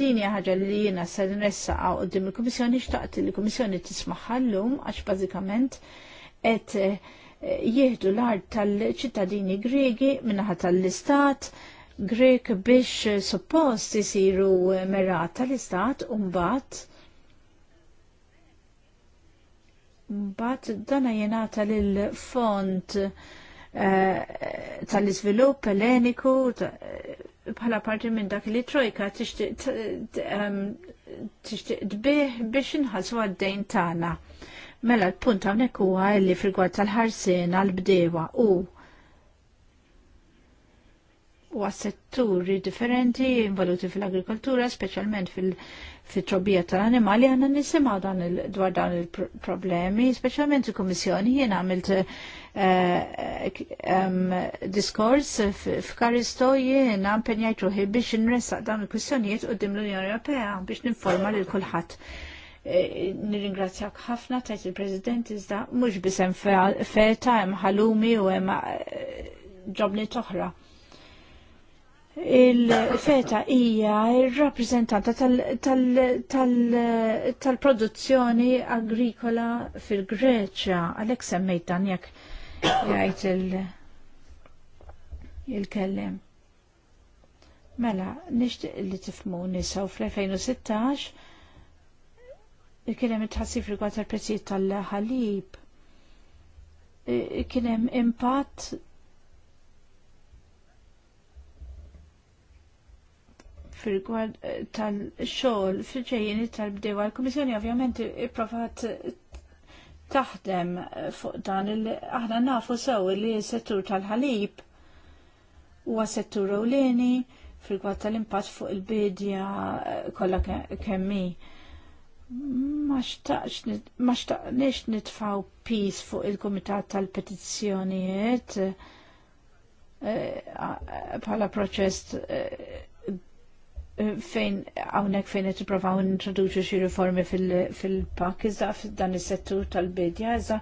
dini ħaġa li jiena se nressa qudiem il-Kummissjoni xtaqt li l-Kummissjoni tismaħħa għax bażikament qed eh, jieħdu l-art tal-ċittadini Gregi minnaħa tal-Istat Grek biex suppost isiru merat tal-Istat u mbagħad Mbagħad dana jingħata lil fond Eh, tal-izvilupp eleniku eh, bħala parti minn dak li trojka tixtieq tbih biex inħallsu għad-dejn tagħna. Mela l-punt hawnhekk huwa li frigward tal-ħarsien għall-bdewa u u setturi differenti involuti fil-agrikoltura, speċjalment fil-, -agrikoltura, fit-trobija tal-animali għanna nisimaw dan dwar dan il-problemi, specialment il-Komissjoni jien għamilt eh, eh, diskors f'Karisto jien għampenjajt ruħi biex nresaq dan il-kwistjonijiet u dim l-Unjoni Ewropea biex ninforma lil kulħadd. Eh, nirringrazzjak ħafna tajt il-President iżda mhux biss hemm feta hemm ħalumi u hemm ġobni toħra il-feta hija il-rappreżentanta tal-produzzjoni agrikola fil-Greċja. Għalhekk semmejt dan jekk jgħid il-kellem. mela, nixtieq li tifmu nisaw fl-2016 Il il-kellem it-ħassif rigward tal-prezzijiet tal-ħalib. Kienem impatt fil-gwad eh, tal-xol fil-ġejjeni tal bdew għal komissjoni ovvjament ipprovat taħdem eh, fuq dan aħna nafu sew li s-settur tal-ħalib huwa settur ewleni fil-gwad tal-impatt fuq il-bidja eh, kollha kemmi. Ma xtaqniex nitfaw pis fuq il-Kumitat tal-Petizzjonijiet bħala proċest fejn hawnhekk fejn qed ippruvaw introduċu xi riformi fil-pak iżda f'dan is-settur tal-bidja iżda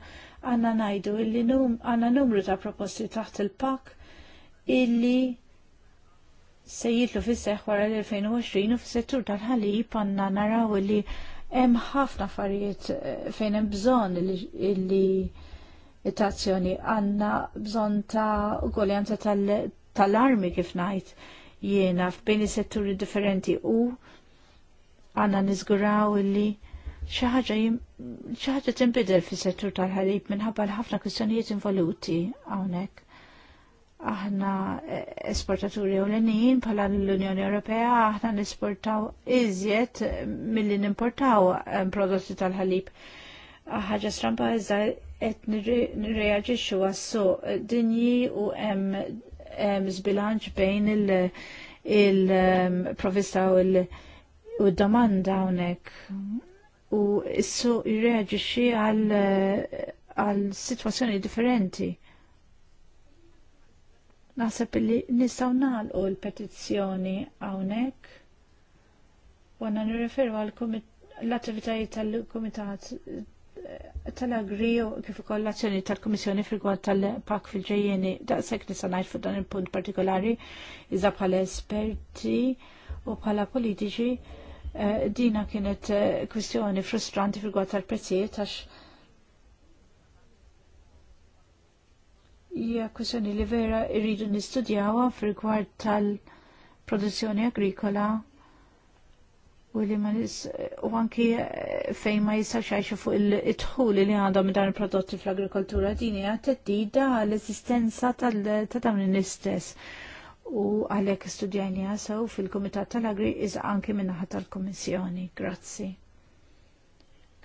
għandna ngħidu illi għandna numru ta' proposti taħt il-pak illi se jitlu fis-seħħ wara l-2020 u fis-settur tal-ħalib għandna naraw li hemm ħafna affarijiet eh, fejn hemm bżonn illi tazzjoni għandna bżonn ta' ugoljanza tal-armi kif ngħid jiena f'bini setturi differenti u għanna nizguraw illi xi ħaġa tinbidel fis-settur tal-ħalib minħabba l-ħafna kwistjonijiet involuti hawnhekk. Aħna e, esportaturi ewlenin bħala l-Unjoni Ewropea aħna nesportaw iżjed milli nimportaw e, prodotti tal-ħalib. Ħaġa stramba iżda qed nirreaġixxu għas-suq dinji u hemm zbilanċ bejn il-provista u il-domanda unek u issu jirreagġiċi għal situazzjoni differenti. Naħseb li nistaw u l-petizzjoni għawnek u għanna nirreferu għal l-attivitajiet tal-Komitat tal-agri u kif ukoll l-azzjoni tal-Kummissjoni fil tal-pak fil-ġejjeni daqshekk nista' ngħid fuq dan il-punt partikolari iżda bħala esperti u bħala politiċi eh, dina kienet eh, kwistjoni frustranti fil tal-prezzijiet għax hija kwistjoni li vera irridu nistudjawha fil tal-produzzjoni agrikola u li ma nis u anki eh, fejn ma jistax għajxu fuq il-tħul li għandhom dan il-prodotti fl-agrikoltura dini għat-teddida għall-esistenza ta' dawn l-istess u għalek studjajnija għasaw fil-Komitat tal-Agri iż anki minnaħat tal-Komissjoni. Grazzi.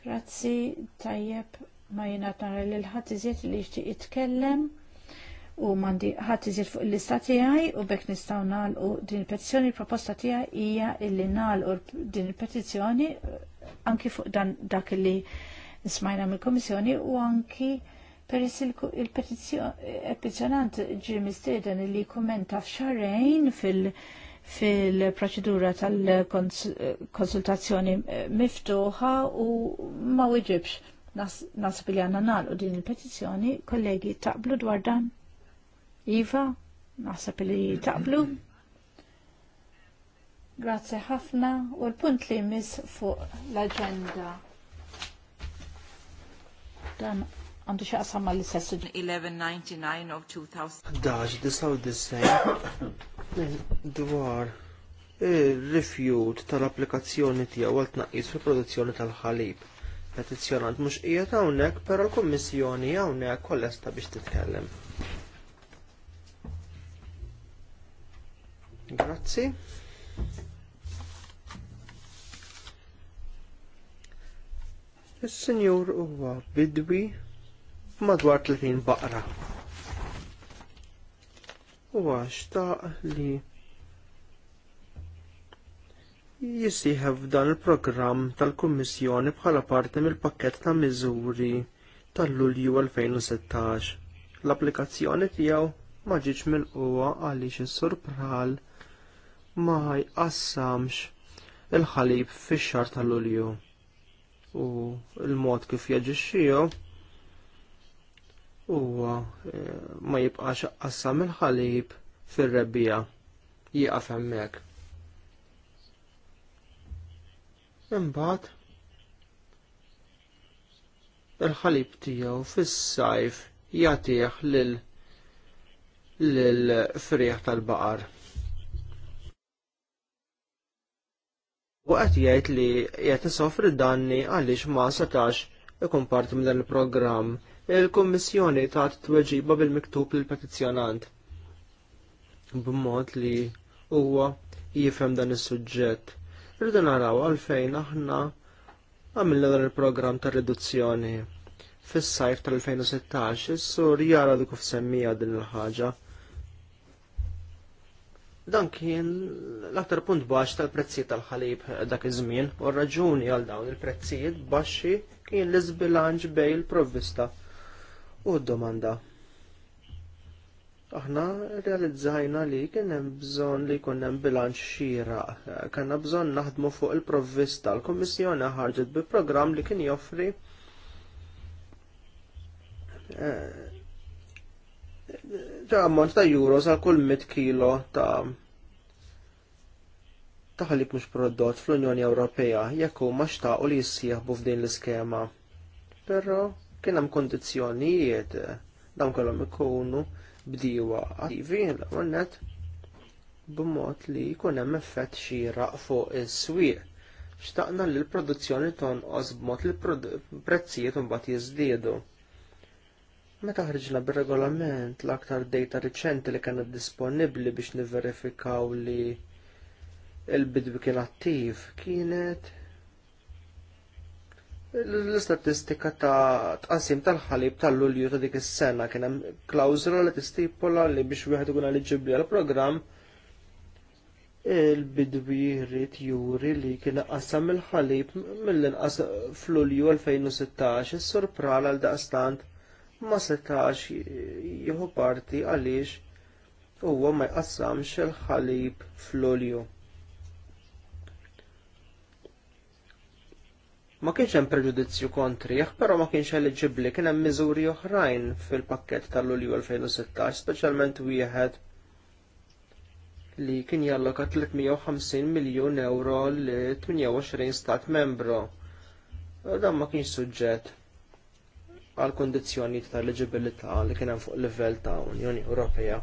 Grazzi, tajjeb, ma jenat nara l-ħat iżiet li jixtieq jitkellem u mandi ħadd iżjed fuq il-lista tiegħi u bekk nistgħu nagħlqu din il-petizzjoni proposta tiegħi hija illi nagħlqu din il-petizzjoni eh, anki fuq dan dak li smajna mill-Komissjoni u anki peress il-petizjonant Jim Steden li kummenta f'xarrejn fil- fil-proċedura tal-konsultazzjoni eh, miftuħa u ma wieġibx nasib li għanna nagħlqu din il petizzjoni kollegi taqblu dwar dan? Iva, naħseb li taqblu. Grazie ħafna u l-punt li mis fuq l-agenda. Dan għandu xaqsam ma l sessu 1199 of 2000. Daġ, disaw disajn (coughs) dwar il-rifjut tal-applikazzjoni tiegħu għal tnaqqis fil-produzzjoni tal-ħalib petizzjonant mhux qiegħed hawnhekk, però l-Kummissjoni hawnhekk kollesta biex titkellem. Grazzi. Is-Sinjur huwa bidwi madwar 30 baqra. Huwa xtaq li jisieħ f'dan il-programm tal-Kummissjoni bħala parti mill pakket ta' miżuri tal-Lulju 2016. L-applikazzjoni tiegħu ma ġietx milquwa għaliex is-surpral ma jqassamx il-ħalib fix-xar tal-Lulju u l-mod kif jaġixxiju huwa eh, ma jibqax qassam il-ħalib fir-rebbija jiqaf hemmhekk. Imbagħad il-ħalib tiegħu fis-sajf jagħtih lil lil friħ tal-baqar. u qed jgħid li qed isofri danni għaliex ma setax ikun parti minn dan il-programm. Il-Kummissjoni tat tweġiba bil-miktub lill petizzjonant b'mod li huwa jifhem dan is-suġġett. Rridu naraw għalfejn aħna għamilna dan il-programm ta' riduzzjoni fis-sajf tal-2016, is-sur jara dik semmija din il-ħaġa Dan kien l-aktar punt baxx tal-prezzijiet tal-ħalib dak iż-żmien u r-raġuni għal dawn il-prezzijiet baxxi kien l-iżbilanċ bej il-provvista u d-domanda. Aħna realizzajna li kien hemm bżonn li jkun hemm bilanċ xieraq. kenna bżonn naħdmu fuq il-provvista. L-Kummissjoni ħarġet bi programm li kien joffri eh, ta' ammont ta' euros għal kull 100 kilo ta' ta' ħalib mhux prodott fl-Unjoni Ewropea jekk huma xtaqu li jissieħbu f'din l-iskema. Però kien hemm kondizzjonijiet dawn kellhom ikunu bdiewa attivi l-għonnet b'mod li jkun hemm effett xieraq fuq is-swieq. Xtaqna li l-produzzjoni tonqos b'mod li l-prezzijiet mbagħad jiżdiedu. Meta ħriġna bir-regolament l-aktar data riċenti li kienet disponibbli biex niverifikaw li il-bidwi kien attiv kienet l-istatistika ta' tqasim tal-ħalib tal-lulju ta' dik is-sena kien hemm klawżula li tistipula li biex wieħed ikun eliġibbli għal programm il-bidwi jrid juri li kien qassam il-ħalib mill-inqas f'Lulju 2016 is-surpral għal daqstant ma setax jieħu parti għaliex huwa ma jqassamx il-ħalib fl-olju. Ma kienx hemm preġudizzju kontrih, però ma kienx eliġibbli kien hemm miżuri oħrajn fil-pakkett tal-Lulju 2016, speċjalment wieħed li kien jalloka 350 miljun euro li 28 stat membru. Dan ma kienx suġġett għal kondizjoni ta' eligibilità li kien hemm fuq livell ta' Unjoni Ewropea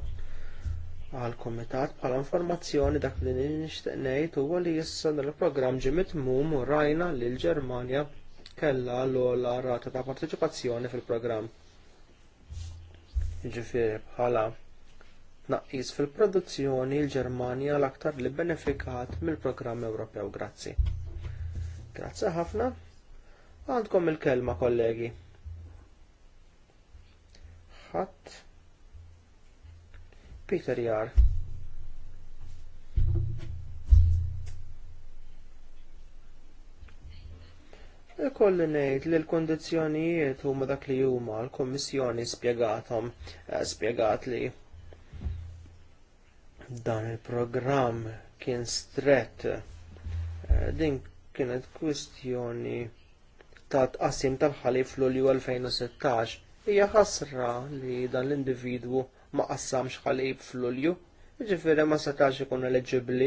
għal komitat bħala informazzjoni dak li nixtieq ngħid huwa li issa il-programm ġie mitmum u rajna li l-Ġermanja kellha l ogħla rata ta' parteċipazzjoni fil-programm. Jiġifieri bħala tnaqqis fil-produzzjoni l-Ġermanja l-aktar li benefikat mill-programm Ewropew. Grazzi. Grazzi ħafna. Għandkom il-kelma kollegi ħadd. Peter Jar. Ikolli ngħid li l-kondizzjonijiet huma dak li huma l-Kummissjoni spjegathom eh, spjegat li dan il-programm kien strett eh, din kienet kwistjoni ta' tqassim tal-ħalif l-Ulju 2016 hija ħasra li dan l-individwu ma qassamx ħalib f'Lulju, jiġifieri ma setax ikun eleġibli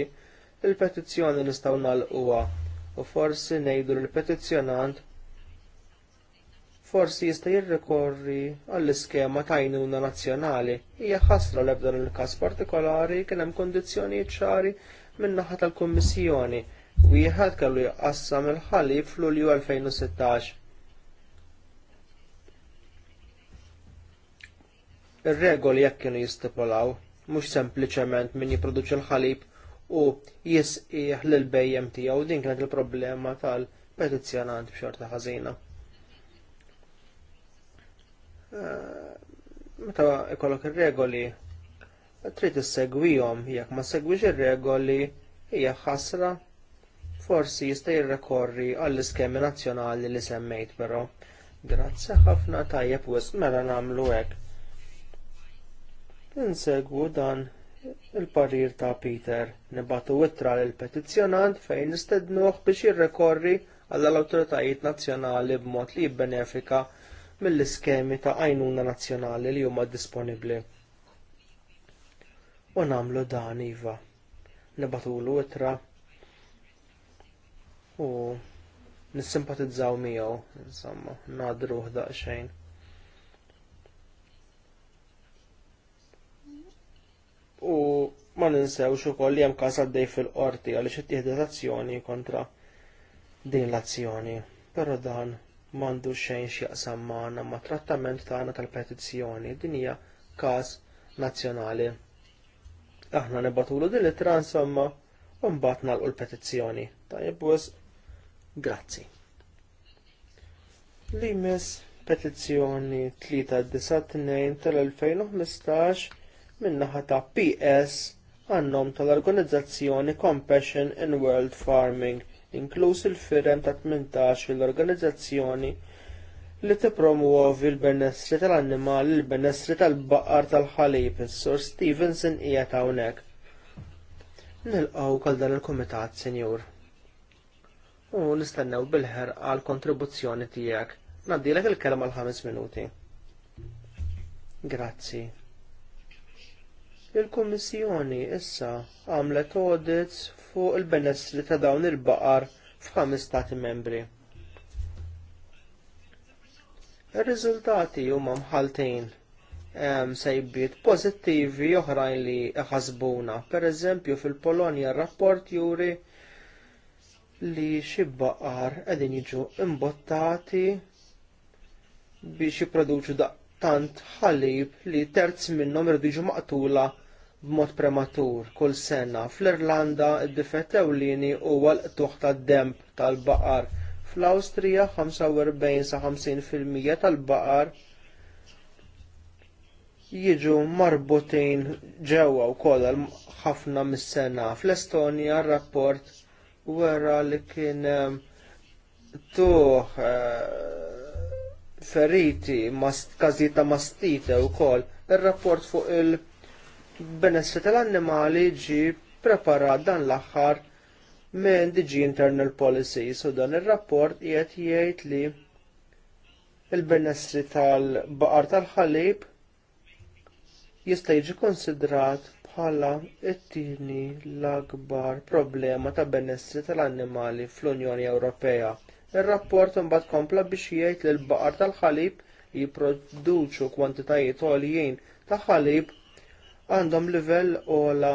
Il-petizzjoni nistgħu nagħlquha u forsi ngħidu l petizzjonant forsi jista' jirrikorri għall-iskema ta' għajnuna nazzjonali. Hija ħasra l ebda il-każ partikolari kien hemm kundizzjonijiet ċari min-naħa tal-Kummissjoni. Wieħed kellu jqassam il-ħalib fl-Ulju 2016 Ir-regoli jekk kienu jistipulaw, mhux sempliċement min jipproduċi l-ħalib u jisqih lil bejjem tiegħu din kienet il-problema tal-petizzjonant b'xorta ħażina. Eh, meta ikollok ir-regoli trid issegwihom jekk ma segwix ir-regoli hija ħasra forsi jista' jirrekorri għall-iskemi nazzjonali li semmejt però. Grazzi ħafna tajjeb wisq mela nagħmlu hekk insegwu dan il-parir ta' Peter. Nibatu wittra l petizzjonant fejn nistednuh biex jirrekorri għall awtoritajiet nazzjonali b'mod li jibbenefika mill-iskemi ta' għajnuna nazzjonali li huma disponibbli. U nagħmlu dan iva. Nibatulu wittra u nissimpatizzaw miegħu, insomma, nadruh daqsxejn. u ma ninsewx ukoll li hemm każ għaddej fil-qorti għaliex ittieħdet azzjoni kontra din l-azzjoni. Però dan mandu xejn x'jaqsam sammana ma' trattament tagħna tal-petizzjoni din hija każ nazzjonali. Aħna nebatulu din l-ittra insomma un mbagħad nagħlqu l-petizzjoni. Tajjeb grazzi. Li mis petizzjoni 392 tal-2015 min-naħa ta' PS għannom tal-organizzazzjoni Compassion in World Farming, inkluż il-firem ta' 18 l-organizzazzjoni li tippromuovi l-benessri tal-annimali, l-benessri tal-baqar tal-ħalib, is-Sur Stevenson hija hawnhekk. Nilqgħu għal dan il-kumitat, senjur. U nistennew bil-ħer għal kontribuzzjoni tiegħek. Nadilek il-kelma għal ħames minuti. Grazzi. Il-Kummissjoni issa għamlet audits fuq il-benessri ta' dawn il-baqar f'ħames stati membri. Ir-riżultati huma mħaltejn sejbiet pożittivi oħrajn li ħasbuna. Pereżempju fil-Polonja r-rapport juri li xi baqar qegħdin jiġu imbottati biex jipproduċu tant ħalib li terz minnhom irdu jiġu maqtula b'mod prematur kull sena. Fl-Irlanda id-difett ewlieni huwa l qtugħ tad-demb tal-baqar. Fl-Awstrija 45 sa 50% tal-baqar jiġu marbutin ġewwa wkoll ħafna mis-sena. Fl-Estonja r-rapport wera li kien ehm, tuħ eh, feriti, każijiet ta' mastite wkoll ir rapport fuq il- benessri tal-annimali ġi preparat dan l-aħħar minn diġi Internal Policy, so dan ir-rapport qiegħed jgħid li il-benessri tal-baqar tal-ħalib jista' jiġi konsidrat bħala t-tieni l-akbar problema ta' benessri tal-annimali fl-Unjoni Ewropea. Ir-rapport imbagħad kompla biex jgħid li l-baqar tal-ħalib jipproduċu kwantitajiet għoljin ta' ħalib għandhom livell ola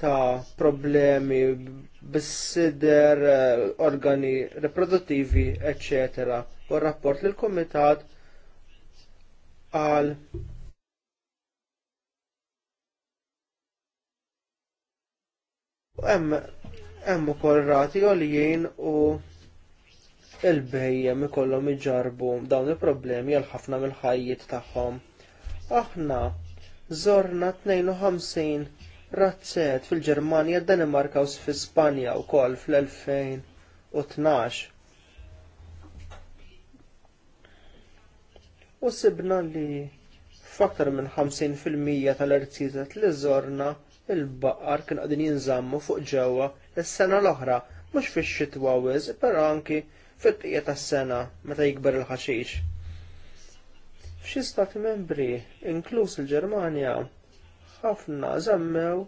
ta' problemi bis-sider, eh, organi riproduttivi, etc. U rapport li l-Komitat għal Hemm hemm ukoll rati għoljien u il-bejjem ikollhom iġarbu dawn il-problemi għal ħafna mill-ħajjiet tagħhom. Aħna Zorna 52 razzet fil-Ġermanja, Danimarka u fi Spanja wkoll fl-2012. U sibna li f'aktar minn 50% tal artizet li żorna il-baqar kien għadin jinżammu fuq ġewwa is-sena l-oħra, mhux fix-xitwa wiż, però anki fit-tqija tas-sena meta jikber il-ħaxix. F'xi stati membri, inkluż il-Ġermanja, ħafna żammew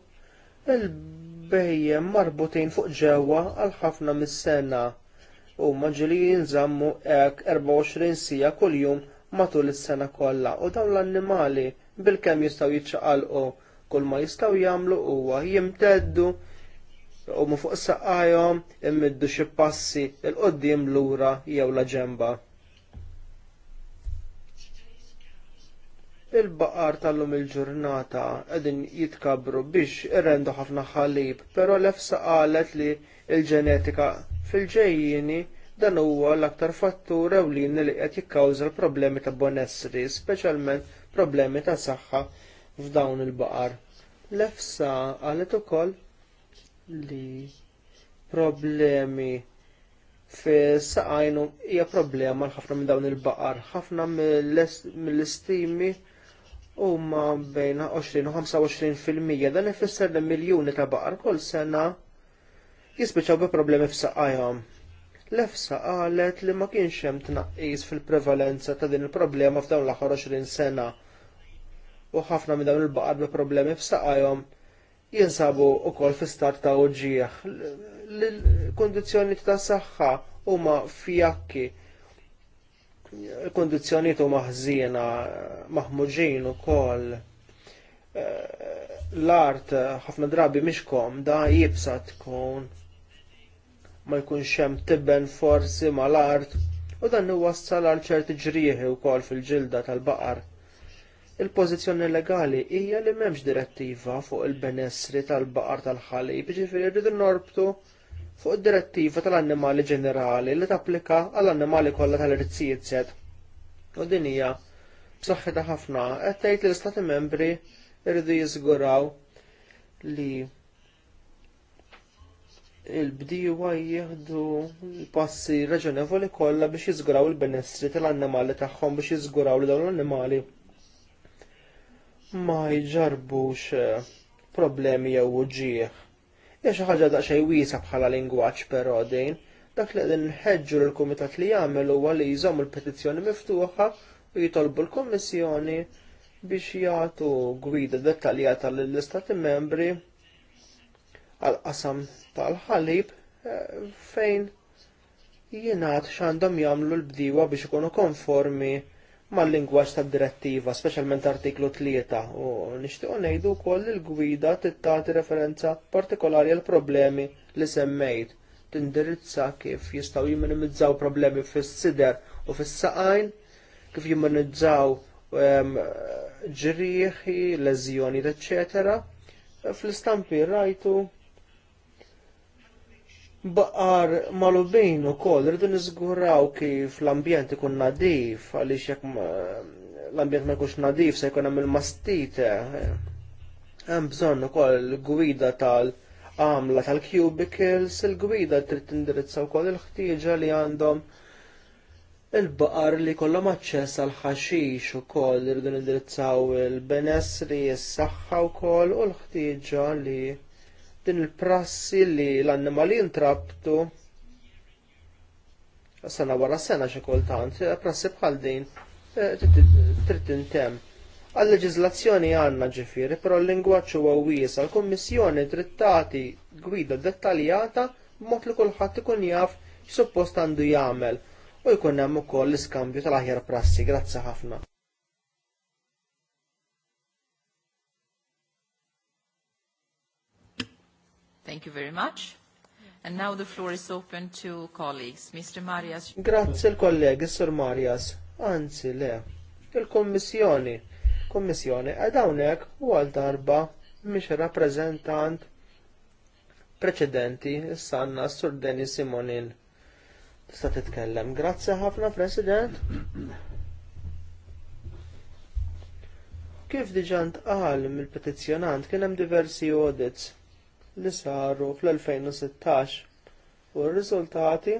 il-bejjem marbutin fuq ġewwa għal ħafna mis-sena u maġili jinżammu hekk 24 sija kuljum matul is-sena kollha u dawn l-annimali bilkemm jistgħu jiċċaqalqu kull ma jistgħu jagħmlu huwa jimteddu u fuq saqajhom immiddu xi passi il qoddim lura jew la ġemba. il-baqar tal-lum il-ġurnata qegħdin jitkabru biex irrendu ħafna ħalib, però l-efsa qalet li l ġenetika fil-ġejjini dan huwa l-aktar fattur ewlieni li qed jikkawża l-problemi ta' bonessri, speċjalment problemi ta' saħħa f'dawn il-baqar. L-efsa qalet ukoll li problemi fi saqajnu hija problema l-ħafna minn dawn il-baqar. ħafna mill-istimi mill istimi huma bejn 20 u 25 fil-mija dan ifisser li miljuni ta' baqar kull sena jispiċċaw bi problemi f'saqajhom. L-EFSA qalet li ma kienx hemm tnaqqis fil-prevalenza ta' din il-problema f'dawn l-aħħar 20 sena u ħafna minn dawn il-baqar bi problemi f'saqajhom jinsabu wkoll fi stat ta' uġieħ. L-kundizzjoni ta' saħħa huma fjakki il-kondizjoniet u maħżina maħmuġin u kol eh, l-art ħafna drabi kom da jibsa tkun ma jkunx hemm tibben forsi mal-art u dan wassal għal ċerti ġrieħi wkoll fil-ġilda tal-baqar. Il-pożizzjoni legali hija li m'hemmx direttiva fuq il-benessri tal-baqar tal-ħalib, ġifieri rridu norbtu fuq id-direttiva tal-annimali ġenerali li tapplika għall-annimali kollha tal irizzijiet set. U din hija b'saħħitha ħafna qed tgħid li l-Istati membri jridu jiżguraw li il-bdiewa jieħdu passi raġonevoli kollha biex jiżguraw il-benessri tal-annimali tagħhom biex jiżguraw li dawn l-annimali ma jġarbux eh, problemi jew uġieħ Ja xi ħaġa daqsxejn wiesa bħala lingwaġġ però din dak li qegħdin nħeġġu lill kumitat li jagħmel huwa li jżommu l-petizzjoni miftuħa u jitolbu l-Kummissjoni biex jagħtu gwida dettaljata lill-Istati membri għall qasam tal-ħalib eh, fejn jingħad x'għandhom jagħmlu l-bdiewa biex ikunu konformi mal-lingwaġġ tad-direttiva, speċjalment artiklu 3, u nixtiequ ngħidu wkoll il-gwida tittati referenza partikolari għal problemi li semmejt tindirizza kif jistgħu jimminimizzaw problemi fis-sider u fis-saqajn, kif jimminimizzaw ehm, ġrieħi, leżjoni, eccetera. Fl-istampi rajtu baqar malubin u kol, rridu nizguraw kif l-ambjent ikun nadif, għalix jekk l-ambjent ma jkunx nadif se jkun hemm il-mastite. Hemm bżonn ukoll gwida tal-għamla tal-cubicles, il-gwida trid tindirizza wkoll il-ħtieġa li għandhom il-baqar li kollhom aċċess għal ħaxix ukoll irridu nindirizzaw il-benessri, is-saħħa wkoll u l-ħtieġa li din il-prassi li l-annimali intrabtu sena wara sena xi kultant, prassi bħal din eh, trid intemm. Għal-leġizlazzjoni għandna ġifieri, però l-lingwaġġ huwa wiesa, l-Kummissjoni trid tagħti gwida dettaljata b'mod li kulħadd ikun jaf x'suppost għandu jagħmel u jkun hemm ukoll l-iskambju tal-aħjar prassi. Grazzi ħafna. Thank you very much. And now the floor is open to colleagues. Mr. Marias. Grazie il kollegi Sir Marias. Anzi, le, il-Kommissjoni. Kommissjoni, għed hawnhekk u għal darba mhix rappreżentant preċedenti s-sanna Sur Denis Simonin. Tista' titkellem. Grazzi ħafna, President. Kif diġà ntqal mill-petizzjonant kien hemm diversi audits li saru fl-2016 u r-riżultati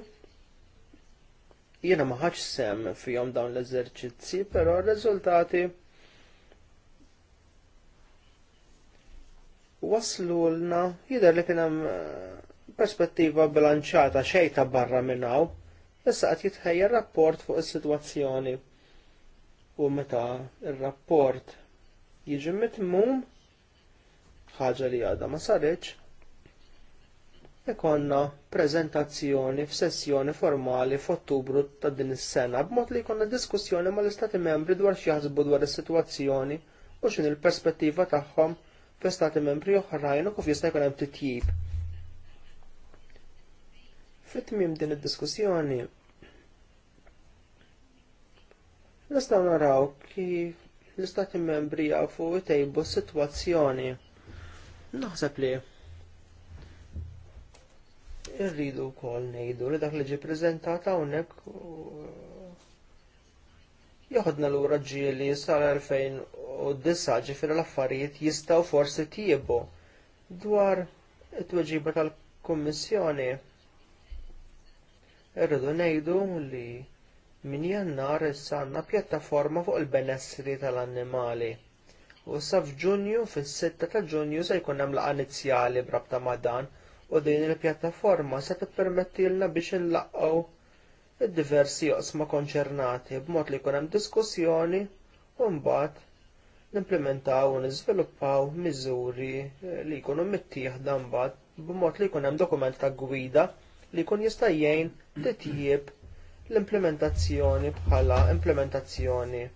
jiena ma ħadx sem fihom dawn l-eżerċizzi, però r-riżultati waslu l-na jidher li kien hemm eh, perspettiva bilanċata xejta barra minn hawn, issa qed jitħejja rapport fuq is-sitwazzjoni u meta il rapport jiġi mitmum ħaġa li għadha ma saritx ikonna prezentazzjoni f'sessjoni formali f'Ottubru ta' din is-sena b'mod li jkollna diskussjoni mal-Istati membri dwar xi jaħsbu dwar is-sitwazzjoni u x'in il-perspettiva tagħhom f'Istati membri oħrajn u kif jista' jkun hemm titjib. Fit-tmiem din id-diskussjoni nistgħu naraw kif l-Istati membri jafu jtejbu s-sitwazzjoni. Naħseb li irridu wkoll ngħidu li dak li ġie preżentat hawnhekk uh, joħodna lura ġieli sal-2009 ġifieri l-affarijiet jistgħu forsi tiebu dwar it-tweġiba tal-Kummissjoni. Irridu ngħidu li min jannar għandna pjattaforma fuq il-benessri tal-annimali. U saf' Ġunju fis-6 ta' Ġunju se jkun hemm laqgħa inizjali brabta ma' dan u din il-pjattaforma se tippermettilna biex inlaqqgħu id-diversi oqsma konċernati b'mod li jkun hemm diskussjoni u mbagħad nimplementaw u niżviluppaw miżuri li jkunu mittieħda mbagħad b'mod li jkun hemm dokument ta' gwida li jkun jista' jgħin titjib l-implementazzjoni bħala implementazzjoni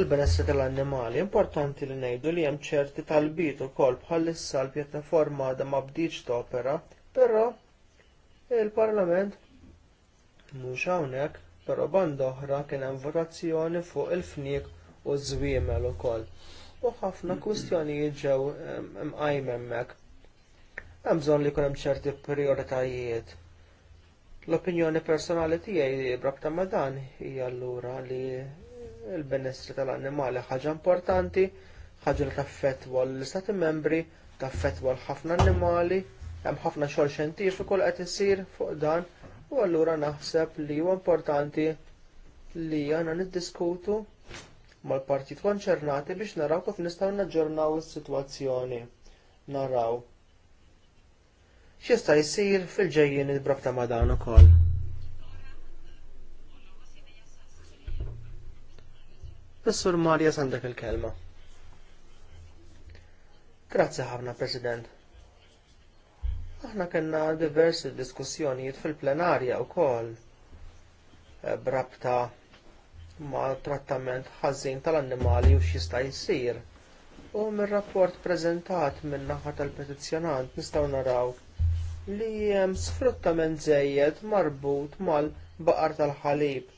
il-benessri tal-annimali. Importanti li ngħidu li hemm ċerti tal-bit ukoll bħalissa l-pjattaforma da ma bdiċ opera, però il-Parlament mhux hawnhekk, però banda oħra kien hemm votazzjoni fuq il-fniq u żwiemel ukoll. U ħafna kwistjonijiet ġew imqajm hemmhekk hemm bżonn li jkun hemm ċerti prioritajiet. L-opinjoni personali tiegħi brabta ma' dan hija allura li il-benessri tal-annimali ħaġa importanti, ħaġa li taffetwa l-istati membri, taffetwa ħafna annimali, hemm ħafna xogħol xjentifiku li qed isir fuq dan, u allura naħseb li huwa importanti li għana niddiskutu mal partijiet konċernati biex naraw kif nistgħu naġġornaw is-sitwazzjoni. Naraw. X'jista' jsir fil-ġejjin id ma' madan ukoll. Is-Sur Marja għandek il-kelma. Grazzi ħafna, President. Aħna kellna diversi diskussjonijiet fil-plenarja wkoll eh, brabta ma trattament ħażin tal-annimali u xista jsir. U mir-rapport preżentat min-naħa tal-petizzjonant nistgħu naraw li hemm sfruttament żejjed marbut mal-baqar tal-ħalib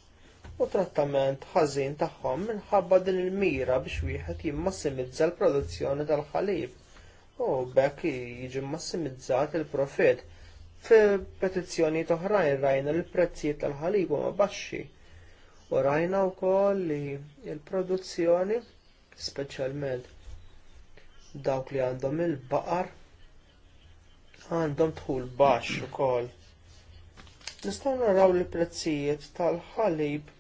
u trattament ħażin tagħhom minħabba din il-mira biex wieħed jimmassimizza l-produzzjoni tal-ħalib u bekk jiġi massimizzat il-profit. Fi petizzjoni oħrajn rajna li l-prezzijiet tal-ħalib huma baxxi u rajna wkoll li l-produzzjoni speċjalment dawk li għandhom il-baqar għandhom dħul baxx ukoll. Nistgħu naraw li prezzijiet tal-ħalib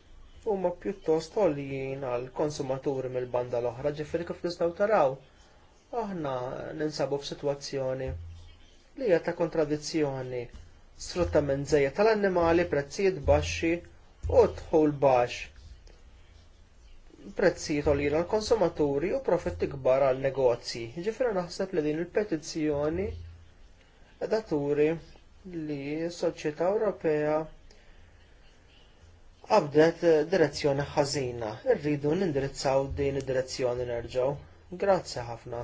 huma pjuttost għoljin għal konsumaturi mill-banda l-oħra ġifieri kif nistgħu taraw. Aħna ninsabu f'sitwazzjoni li hija ta' kontradizzjoni, sfruttament żejjed tal-annimali, prezzijiet baxxi u dħul baxx. Prezzijiet għoljin għall konsumaturi u profitti kbar għal negozji. Ġifieri naħseb li din il-petizzjoni daturi li s-soċjetà Ewropea qabdet eh, direzzjoni ħażina. Irridu nindirizzaw din id-direzzjoni nerġgħu. Grazzi ħafna.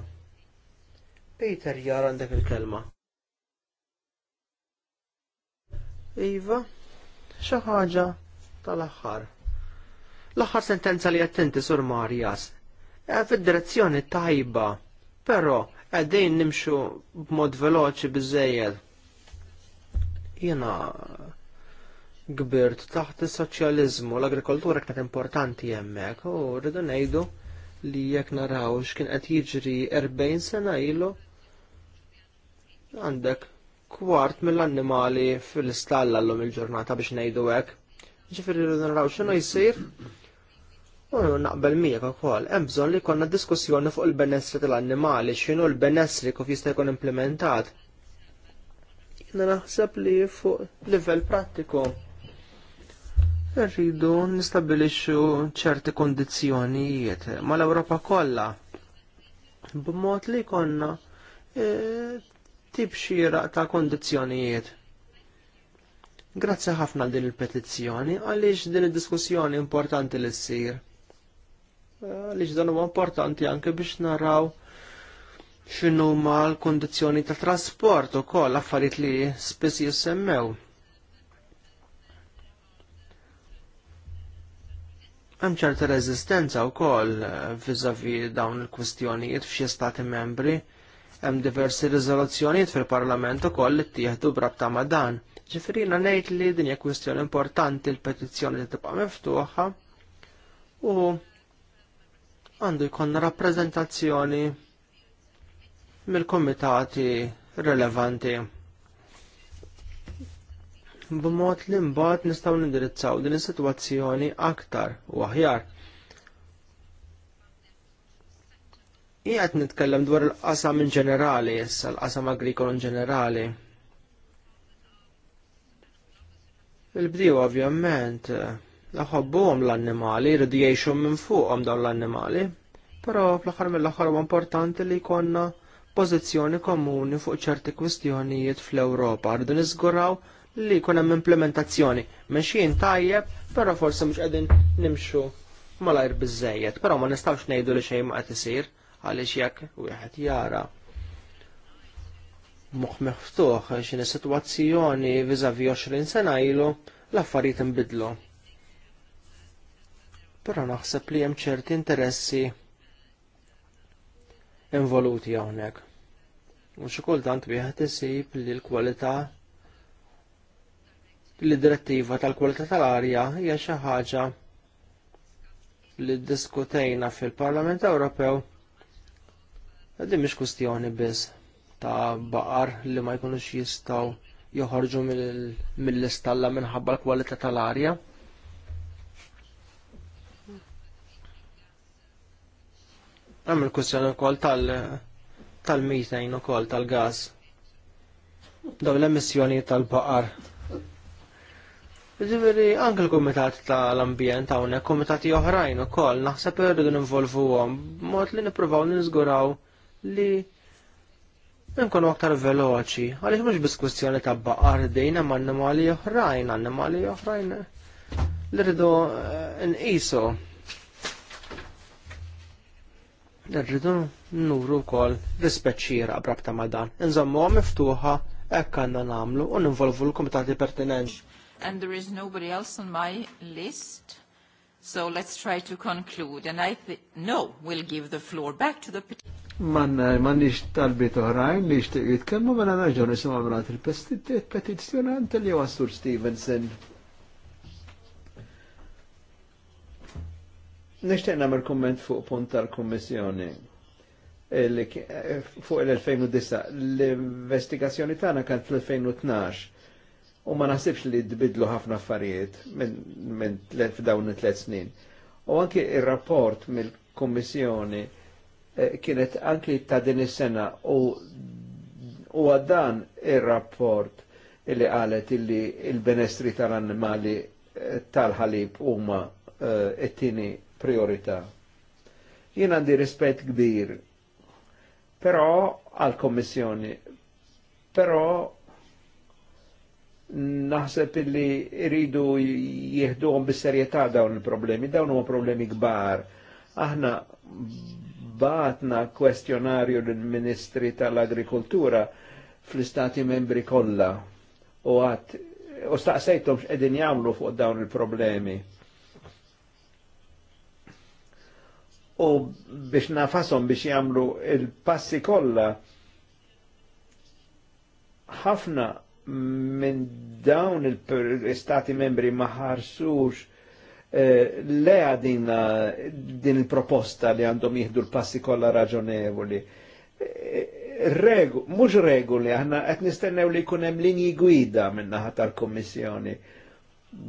Peter jara għandek il-kelma. Iva, xi ħaġa tal-aħħar. L-aħħar sentenza li attenti sur Marjas. Fid-direzzjoni tajba, però qegħdin nimxu b'mod veloċi biżejjed. Jena gbirt taħt is-soċjaliżmu l-agrikoltura kienet importanti hemmhekk u rridu ngħidu li jekk naraw x'kien qed jiġri 40 sena ilu għandek kwart mill-annimali fil-istalla llum il-ġurnata biex ngħidu hekk. Ġifieri rridu naraw x'inhu jsir u naqbel miegħek ukoll hemm bżonn li jkollna diskussjoni fuq il-benessri tal-annimali x'inhu l-benessri kif jista' jkun implementat. Jiena naħseb li fuq livell prattiku rridu nistabilixxu ċerti kondizzjonijiet mal-Ewropa kollha b'mod li konna e, tip xieraq ta' kondizzjonijiet. Grazzi ħafna din il-petizzjoni għaliex din id-diskussjoni importanti li ssir. Għaliex dan huwa importanti anke biex naraw x'inhuma l-kondizzjoni ta' trasport ukoll affarijiet li spiss jissemmew Hemm ċerta reżistenza wkoll eh, viżavi dawn il-kwistjonijiet f'xi stati membri. Hemm diversi riżoluzzjonijiet fil-Parlament ukoll li ttieħdu brabta ma' dan. Ġifirina ngħid li din hija kwistjoni importanti l-petizzjoni li tibqa' miftuħa u għandu jkollna rappreżentazzjoni mill-komitati relevanti b'mod li mbagħad nistgħu nindirizzaw din is-sitwazzjoni aktar u aħjar. Qiegħed nitkellem dwar il-qasam in ġenerali, issa l-qasam agrikol in ġenerali. Il-bdiju ovvjament, naħobbuhom eh, l-annimali, jridu jgħixu minn fuqhom dawn l-annimali, però fl-aħħar mill-aħħar huwa importanti li jkollna pożizzjoni komuni fuq ċerti kwistjonijiet fl-Ewropa, rridu niżguraw li jkun hemm implementazzjoni. Mexjin tajjeb, però forsi mhux qegħdin nimxu malajr biżejjed, però ma nistgħux ngħidu li xejn ma qed isir għaliex jekk wieħed jara moħħ miftuħ x'in is-sitwazzjoni viżavi 20 sena ilu l-affarijiet inbidlu. Però naħseb li hemm ċerti interessi involuti hawnhekk. U xi kultant wieħed isib li l-kwalità li direttiva tal-kwalità tal-arja hija xi ħaġa li diskutejna fil-Parlament Ewropew din mhix kwistjoni biss ta' baqar li ma jkunux jistgħu joħorġu mill-istalla minħabba l-kwalità tal-arja. Hemm il-kwistjoni wkoll tal-methane ukoll tal-gas. dawn l-emissjoni tal-baqar Ġifiri anke l-Kumitat tal-Ambjent hawnhekk kumitati oħrajn ukoll naħseb irridu ninvolvuhom mod li nippruvaw niżguraw li nkunu aktar veloċi, għaliex mhux biss kwistjoni ta' baqar dejn hemm annimali oħrajn, annimali oħrajn li rridu eh, nqisu. Rridu nuru wkoll rispett xieraq brabta ma' dan. Inżommuha miftuħa hekk għandna nagħmlu u ninvolvu l-kumitati pertinenti and there is nobody else on my list. So let's try to conclude. And I think, no, we'll give the floor back to the Manna, eh, man nix talbiet oħrajn li xtiq jitkellmu mela naġġor nisimgħu mrat il-petizzjonant li huwa Stevenson. Nixtieq nagħmel komment fuq punt tal-Kummissjoni eh, eh, fuq l-2009. L-investigazzjoni tagħna kant fl-2012 u ma naħsibx li dbidlu ħafna affarijiet minn f'dawn it-tlet snin. U anki il-rapport mill-Kommissjoni eh, kienet anki ta' din is-sena u u għaddan il-rapport illi qalet illi il-benestri tal-annimali eh, tal-ħalib huma eh, it-tieni priorità. Jien għandi rispett kbir, però għal-Kommissjoni, però naħseb illi iridu jieħduhom bis-serjetà dawn il-problemi, dawn huma problemi kbar. Aħna batna kwestjonarju lill-Ministri tal-Agrikoltura fl-Istati membri kollha u għat u staqsejtom x'qegħdin jagħmlu fuq dawn il-problemi. U biex nafasom biex jagħmlu il-passi kollha ħafna minn dawn il-stati membri maħarsux eh, le għadina eh, din, il-proposta li għandhom jihdu l-passi kolla raġonevoli. Eh, regu, mux regoli, għanna għet nistennew li kunem linji gwida minnaħat tal komissjoni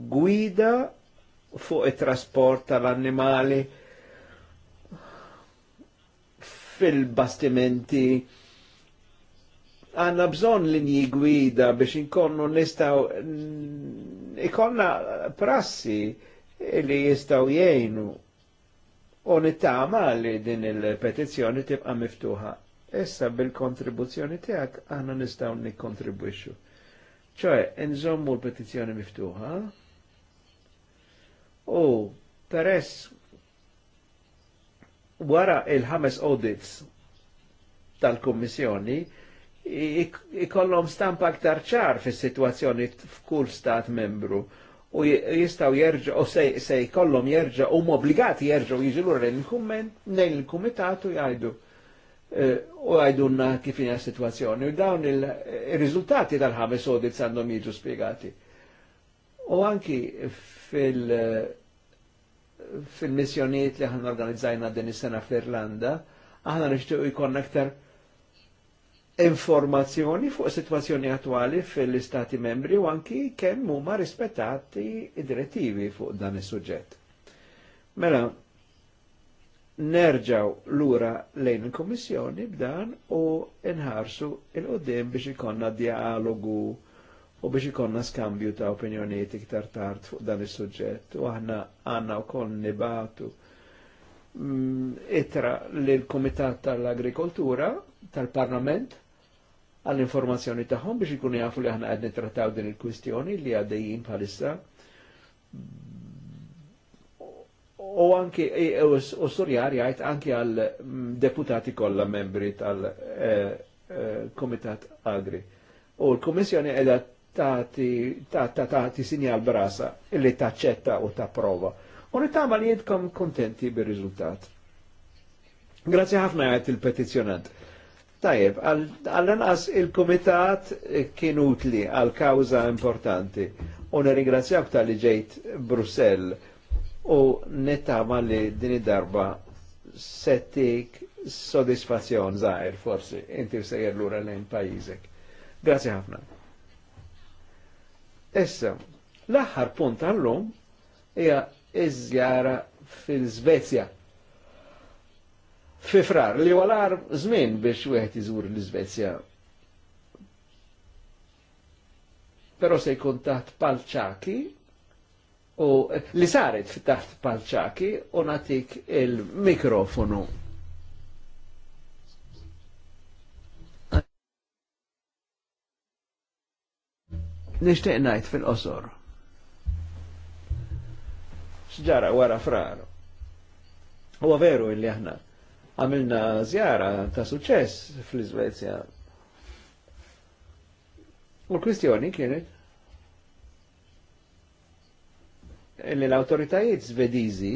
Gwida fuq it-trasport tal-annimali fil-bastimenti għanna bżon linji gwida biex inkonnu nistaw ikonna prassi li jistaw jgħinu u nittama li din il-petizjoni tibqa miftuħa. Issa bil-kontribuzzjoni tijak għanna nistaw nikontribuixu. ċoħe, nżommu l-petizjoni miftuħa u peress wara il-ħames audits tal-Kommissjoni, ikollhom stamp aktar ċar fis-sitwazzjoni f'kull stat membru u jistaw jerġa' u se jkollhom jerġa' u obbligati jerġgħu jiġu lura il-kumment nejn il-kumitat u jajdu eh, u għajdunna kif għas situazzjoni. U dawn eh, il-riżultati tal-ħames audits għandhom jiġu spiegati. U anki fil- missjoniet eh, missjonijiet li ħan organizzajna din is-sena fl-Irlanda, aħna nixtiequ jkollna aktar informazzjoni fuq situazzjoni attuali fil-Istati membri u anki kemm huma rispettati id-direttivi fuq dan is-suġġett. Mela, nerġaw lura lejn il-Kommissjoni b'dan u nħarsu il-qoddim biex ikonna dialogu u biex ikonna skambju ta' opinjoniet iktar tard fuq dan is-suġġett u aħna għandna wkoll nibatu mm, itra l-Komitat tal-Agrikoltura tal-Parlament għall-informazzjoni tagħhom biex ikunu jafu li aħna qed nittrattaw din il-kwistjoni li għaddejjin bħalissa u anki e, e, u Surjar jgħid anki għal mm, deputati kollha membri tal-Komitat e, Agri. U l-Kummissjoni qiegħda tagħti sinjal brasa li taċċetta u tapprova. U nittama li jidkom kontenti bir-riżultat. Grazie ħafna għajt il-petizjonant. Tajjeb, għall anqas il-Kumitat kien utli għal kawza importanti. U nirringrazzjak tal-li ġejt Brussell u nittama li din darba settik sodisfazzjon zaħir forsi, inti sejjer l-ura lejn pajizek. Grazie ħafna. Issa, l-aħħar punt għallum hija iż-żjara fil-Svezja fifrar li walar żmien biex wieħed iżur l-Iżvezja. Però se jkun taħt palċaki u li saret taħt palċaki u natik il-mikrofonu. Nishtiq najt fil-qosor. Xġara wara frar. Huwa veru illi aħna għamilna zjara ta' suċess fl-Izvezja. U l-kwistjoni kienet li l-autoritajiet svedizi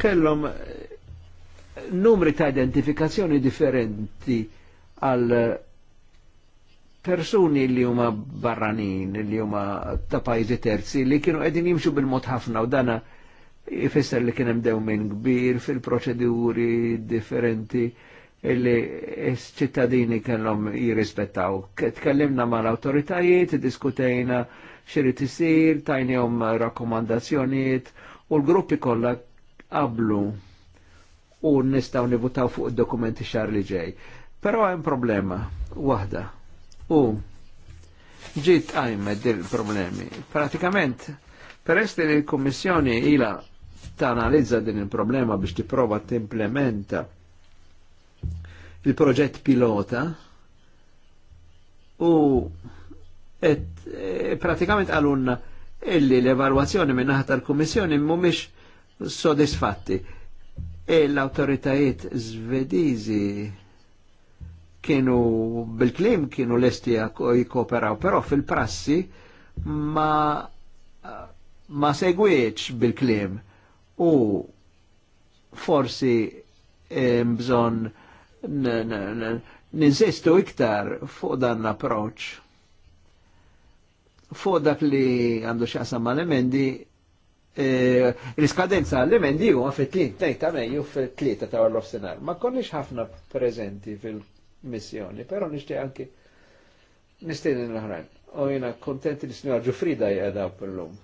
kellhom eh, numri ta' identifikazzjoni differenti għal persuni li huma barranin, li huma ta' pajjiżi terzi, li kienu qegħdin jimxu bil-mod ħafna u dana ifisser li kienem dew minn kbir fil-proċeduri differenti illi s-ċittadini kellhom jirrispettaw. Tkellimna mal-autoritajiet, diskutejna xirrit isir, tajnijom rakkomandazzjoniet u l-gruppi kollha qablu u nistaw nivutaw fuq id-dokumenti xar li ġej. Però hemm problema waħda. U ġit għajmet dil problemi Pratikament, peress li l kommissjoni ila tanalizza din il-problema biex tipprova implementa il-proġett pilota u et, e, pratikament għalunna illi l-evaluazzjoni minnaħat tal-Kommissjoni mumiex sodisfatti. E l-autoritajiet svedizi kienu bil-klim kienu lesti jikoperaw, però fil-prassi ma ma segwieċ bil-klim u forsi bżon ninsistu iktar fuq dan l-approċ. Fuq dak li għandu xaqsam ma l-emendi, e, l-iskadenza l-emendi u għafetlin, 3 meju fil-tlieta ta' għallof Senar. Ma konniex ħafna prezenti fil-missjoni, però nixtieq anki nistiedin l ħrajn U jina kontenti l s-sinjora Ġufrida jgħada per l-lum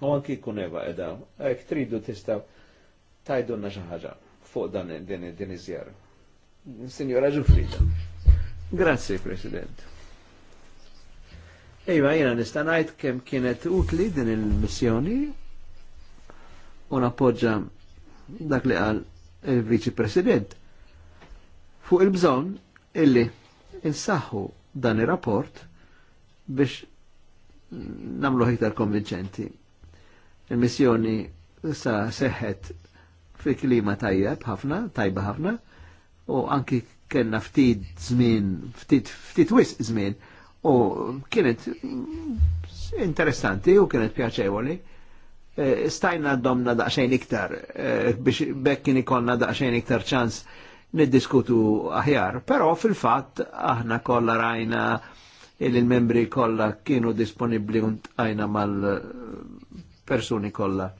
U anki kun Eva edha, għek tridu tistaw tajdunna xaħġa fuq dan din iżjar. Signora Ġufrida. Grazie, President. Ejwa, jena nistanajt kem kienet utli din il-missjoni u nappoġġa dak li għal il vici President fuq il-bżon illi insaħħu dan ir rapport biex namlu iktar konvinċenti Il-missjoni sa seħħet fi klima tajjeb ħafna, tajba ħafna, u anki kena ftit żmien, ftit, ftit wis żmien, u kienet interessanti u kienet pjaċevoli. Eh, stajna domna daqxajn iktar, eh, biex bekkini konna daqxajn iktar ċans niddiskutu aħjar, pero fil-fat aħna kolla rajna il-membri kolla kienu disponibli untqajna mal persuni kollha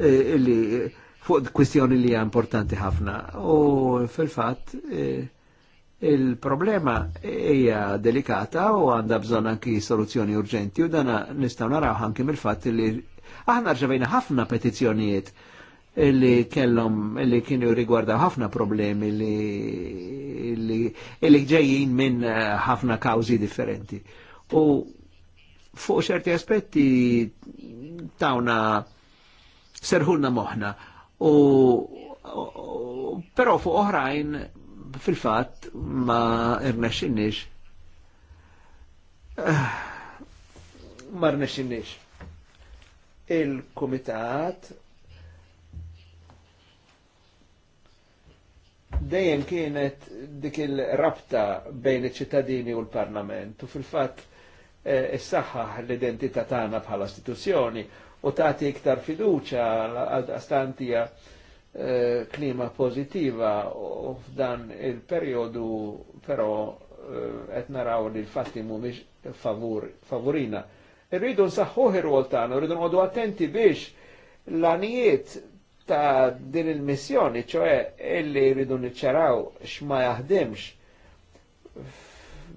e, illi e, fuq kwistjoni li hija importanti ħafna u fil-fatt e, il-problema hija delikata u għandha bżonn anki soluzzjoni urġenti u dana nistgħu naraw anki mill-fatt li aħna rċevejna ħafna petizzjonijiet illi kellhom illi kienu rigwardaw ħafna problemi li illi ġejjin minn ħafna kawzi differenti. U fuq ċerti aspetti tawna serħulna moħna u, u però fuq oħrajn fil-fat ma irnexxinniex ma rnexxinniex eh, il-komitat dejjem kienet dik il-rabta bejn iċ-ċittadini u l-Parlament u fil-fatt Eh, s-saħħaħ l-identità tagħna bħala istituzzjoni u tagħti iktar fiduċa għastantija eh, klima pozittiva u f'dan il-perjodu però eh, qed naraw li l-fatti mhumiex favorina. Irridu nsaħħuh ir-rwol tagħna, irridu nqogħdu attenti biex l-anijiet ta' din il-missjoni, ċoħe illi rridu niċċaraw x'ma jaħdimx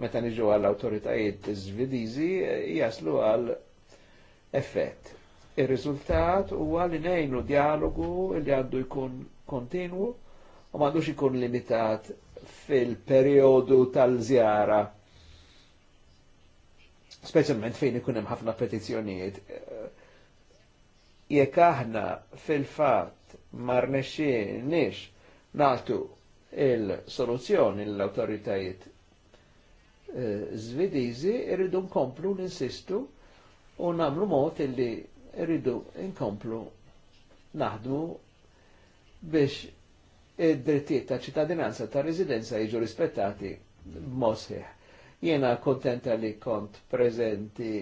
meta niġu għall autoritajiet zvidizi jaslu għal effett. Ir-riżultat huwa li ngħinu dialogu li għandu jkun kontinwu u m'għandux ikun limitat fil-perjodu tal-żjara. Speċjalment fejn ikun hemm ħafna petizzjonijiet. Jekk aħna fil-fatt mar nix nagħtu il-soluzzjoni l-autoritajiet Zvedizi eh, irridu nkomplu ninsistu u namlu mot illi irridu nkomplu naħdmu biex id-drittijiet ta' ċittadinanza ta' residenza jiġu rispettati b'mosħiħ. Jena kontenta li kont prezenti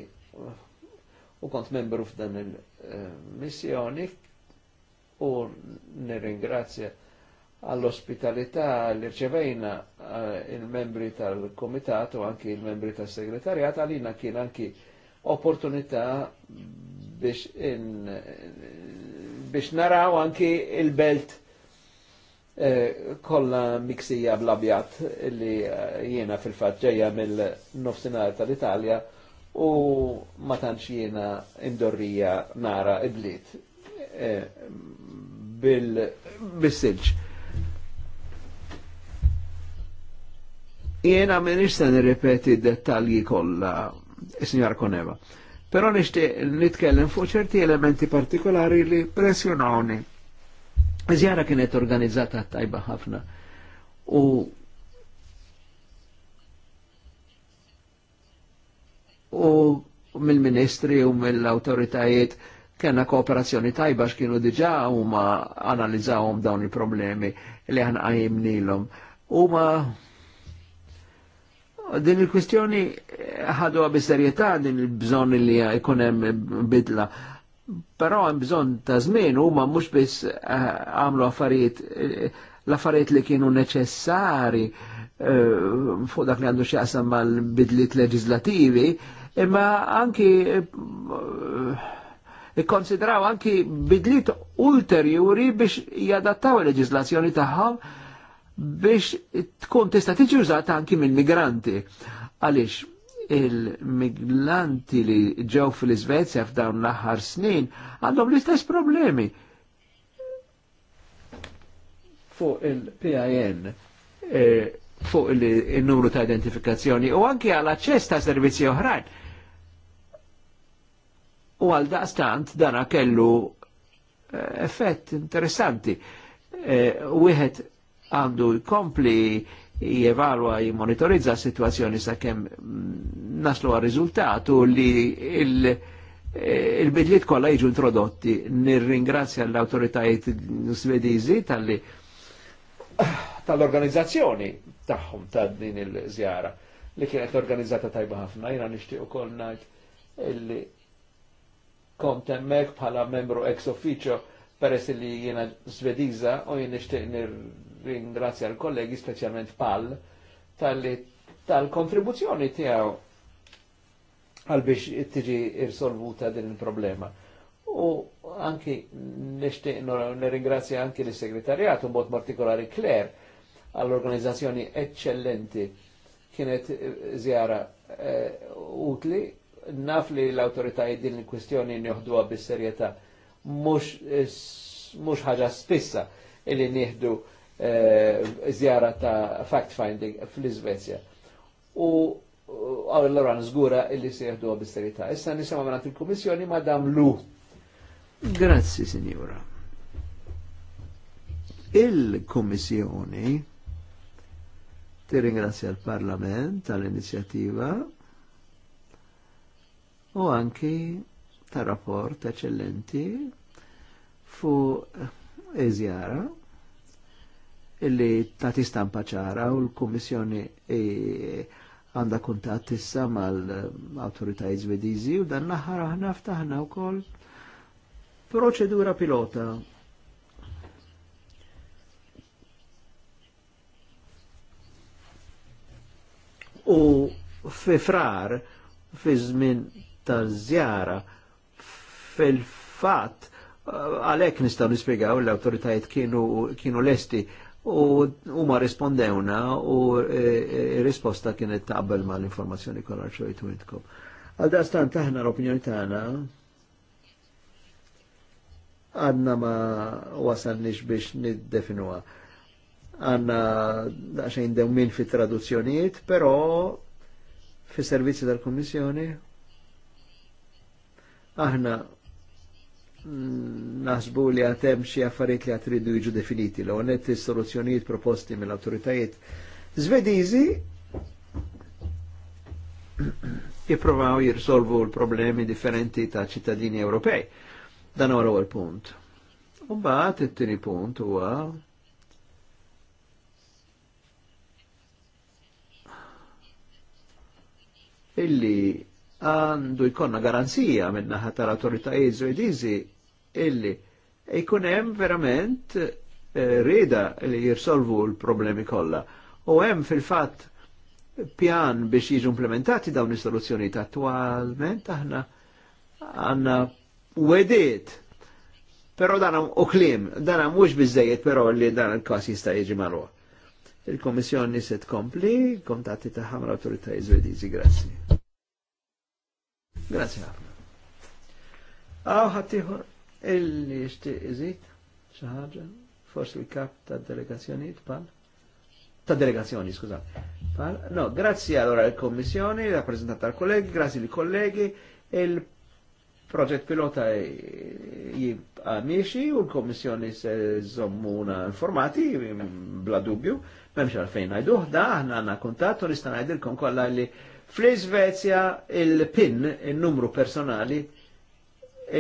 u kont membru f'dan il-missjoni eh, u nirringrazzja għall-ospitalità li rċevejna eh, il-membri tal-komitat u anki il-membri tal-segretarjat għalina kien anki opportunità biex, in, biex naraw anki il-belt eh, kolla miksija bl-abjat li eh, jiena fil fatt ġejja mill-nofsinar tal-Italja u ma tantx jiena indorrija nara id-bliet eh, bil-silġ. Jena minix se nirripeti dettalji kollha, Signor Koneva. Però nixtieq nitkellem fuq ċerti elementi partikolari li pressjonawni. Zjara kienet organizzata tajba ħafna u u mill-ministri u mill-autoritajiet kena kooperazzjoni tajba x'kienu diġà huma analizzawhom dawn il-problemi li aħna U ma Din il-kwistjoni eh, ħadu għabisserjetà din il-bżon li jkunem bidla. Però hemm bżonn ta' żmien huma mhux biss eh, għamlu affarijiet eh, l-affarijiet li kienu neċessari fuq dak li għandu x'jaqsam mal-bidliet leġislativi, imma anki ikkonsidraw anki bidliet ulterjuri biex jadattaw il-leġislazzjoni tagħhom biex tkun tista' tiġi użata anki mill-migranti. Għaliex il-migranti li ġew fil-Iżvezja f'dawn l-aħħar snin għandhom l-istess problemi fuq il-PIN e, fuq il-numru ta' identifikazzjoni u anki għal aċċess ta' servizzi oħrajn. U għal daqstant dana kellu e, effett interessanti. Uh, Wieħed għandu jkompli jevalwa jmonitorizza situazzjoni kem naslu għal riżultatu li eh, il-bidliet il kollha jiġu introdotti. Nirringrazzja l autoritajiet svedizi tal-li tal-organizzazzjoni tagħhom ta' din il-żjara li kienet organizzata tajba ħafna. Jiena nixtieq ukoll ngħid illi kom temmek bħala membru ex officio peress li jiena Svediża u jien nixtieq ringrazja l-kollegi speċjalment pal tal-kontribuzzjoni tal tiegħu għal biex tiġi irsolvuta din il-problema. U anki nishtiq nirringrazzja anki l-segretarjat u mod partikolari Kler għall-organizzazzjoni eccellenti kienet eh, zjara eh, utli naf li l-autoritajiet din il-kwistjoni njoħduha bis-serjetà eh, mhux ħaġa spissa illi nieħdu Eh, zjara ta' fact-finding fl-Izvezja. U għaw l għallura nżgura illi se jihdu għabisterita. Issa nisema minnat il-Komissjoni Madam Lu. Grazzi, Signora. Il-Komissjoni tirringrazzja l-Parlament tal-inizjattiva u anki ta' rapport eccellenti fu eżjara eh, illi ta' stampa ċara u l-Kommissjoni għanda e, kuntat issa mal-autoritajiet svedizi u dan naħar aħna ftaħna u kol proċedura pilota. U fi frar, fi żmien ta' żjara fil-fat, għalek nistaw nispiegaw l-autoritajiet kienu, kienu lesti u huma rispondewna u e, e, risposta kienet taqbel ma l-informazzjoni kollha ċojtu intkom. Għal dastan taħna l-opinjoni tagħna għanna ma wasalniex biex niddefinuha. Għanna dew dewmin fit traduzzjonijiet, però fi servizzi tal kummissjoni aħna naħsbu li għatem xie affarijiet li għatridu jiġu definiti, l għonet soluzzjonijiet proposti mill-autoritajiet zvedizi jiprovaw jirsolvu l-problemi differenti ta' ċittadini Ewropej. Dan huwa l-ewwel punt. U bat it tini punt huwa illi għandu jkonna garanzija minna tal-autoritajiet Zwiedizi illi jkun hemm verament eh, rida li jirsolvu l-problemi kollha. U hemm fil-fatt pjan biex jiġu implementati dawn is-soluzzjoni attualment aħna għandna wediet. Però dan u klim, dan mhux biżejjed però li dan il-każ jista' jiġi magħruh. Il-Kommissjoni se tkompli, kontatti ta' ħamra autoritajiet Żvediżi, grazzi. Grazie ħafna. Għaw ħattijħor illi jishtiq iżid xaħġa, forsi il-kap ta' delegazzjoniet pal. Ta' delegazzjoni, skuza. Pal. No, grazie allora il-Kommissjoni, rappresentata al kollegi, grazie li kollegi, il-proġett pilota e, jibqa miexi u l-Kommissjoni se zommuna informati, bla dubju, memx għalfejn għajduħ, da' għanna kontattu, nista' ngħidilkom kollha li Fl-Iżvezja il-PIN, il-numru personali,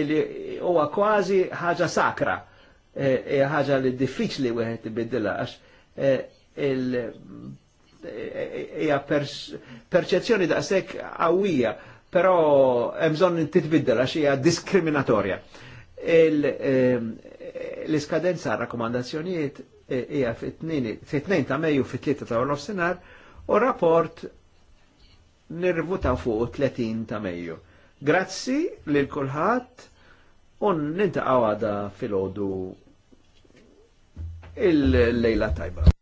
li huwa kważi ħaġa sakra, e, e, ħaġa li diffiċli wieħed tibiddilha għax e, hija perċezzjoni daqshekk qawwija, però hemm bżonn titbiddel hija diskriminatorja. L-iskadenza rakkomandazzjonijiet hija fit-2 ta' Mejju fit-3 ta' Senar u rapport Nirvu ta' fuq 30 ta' Mejju. Grazzi lil kulħadd u ninta' għada fil-ħodu il-lejla tajba.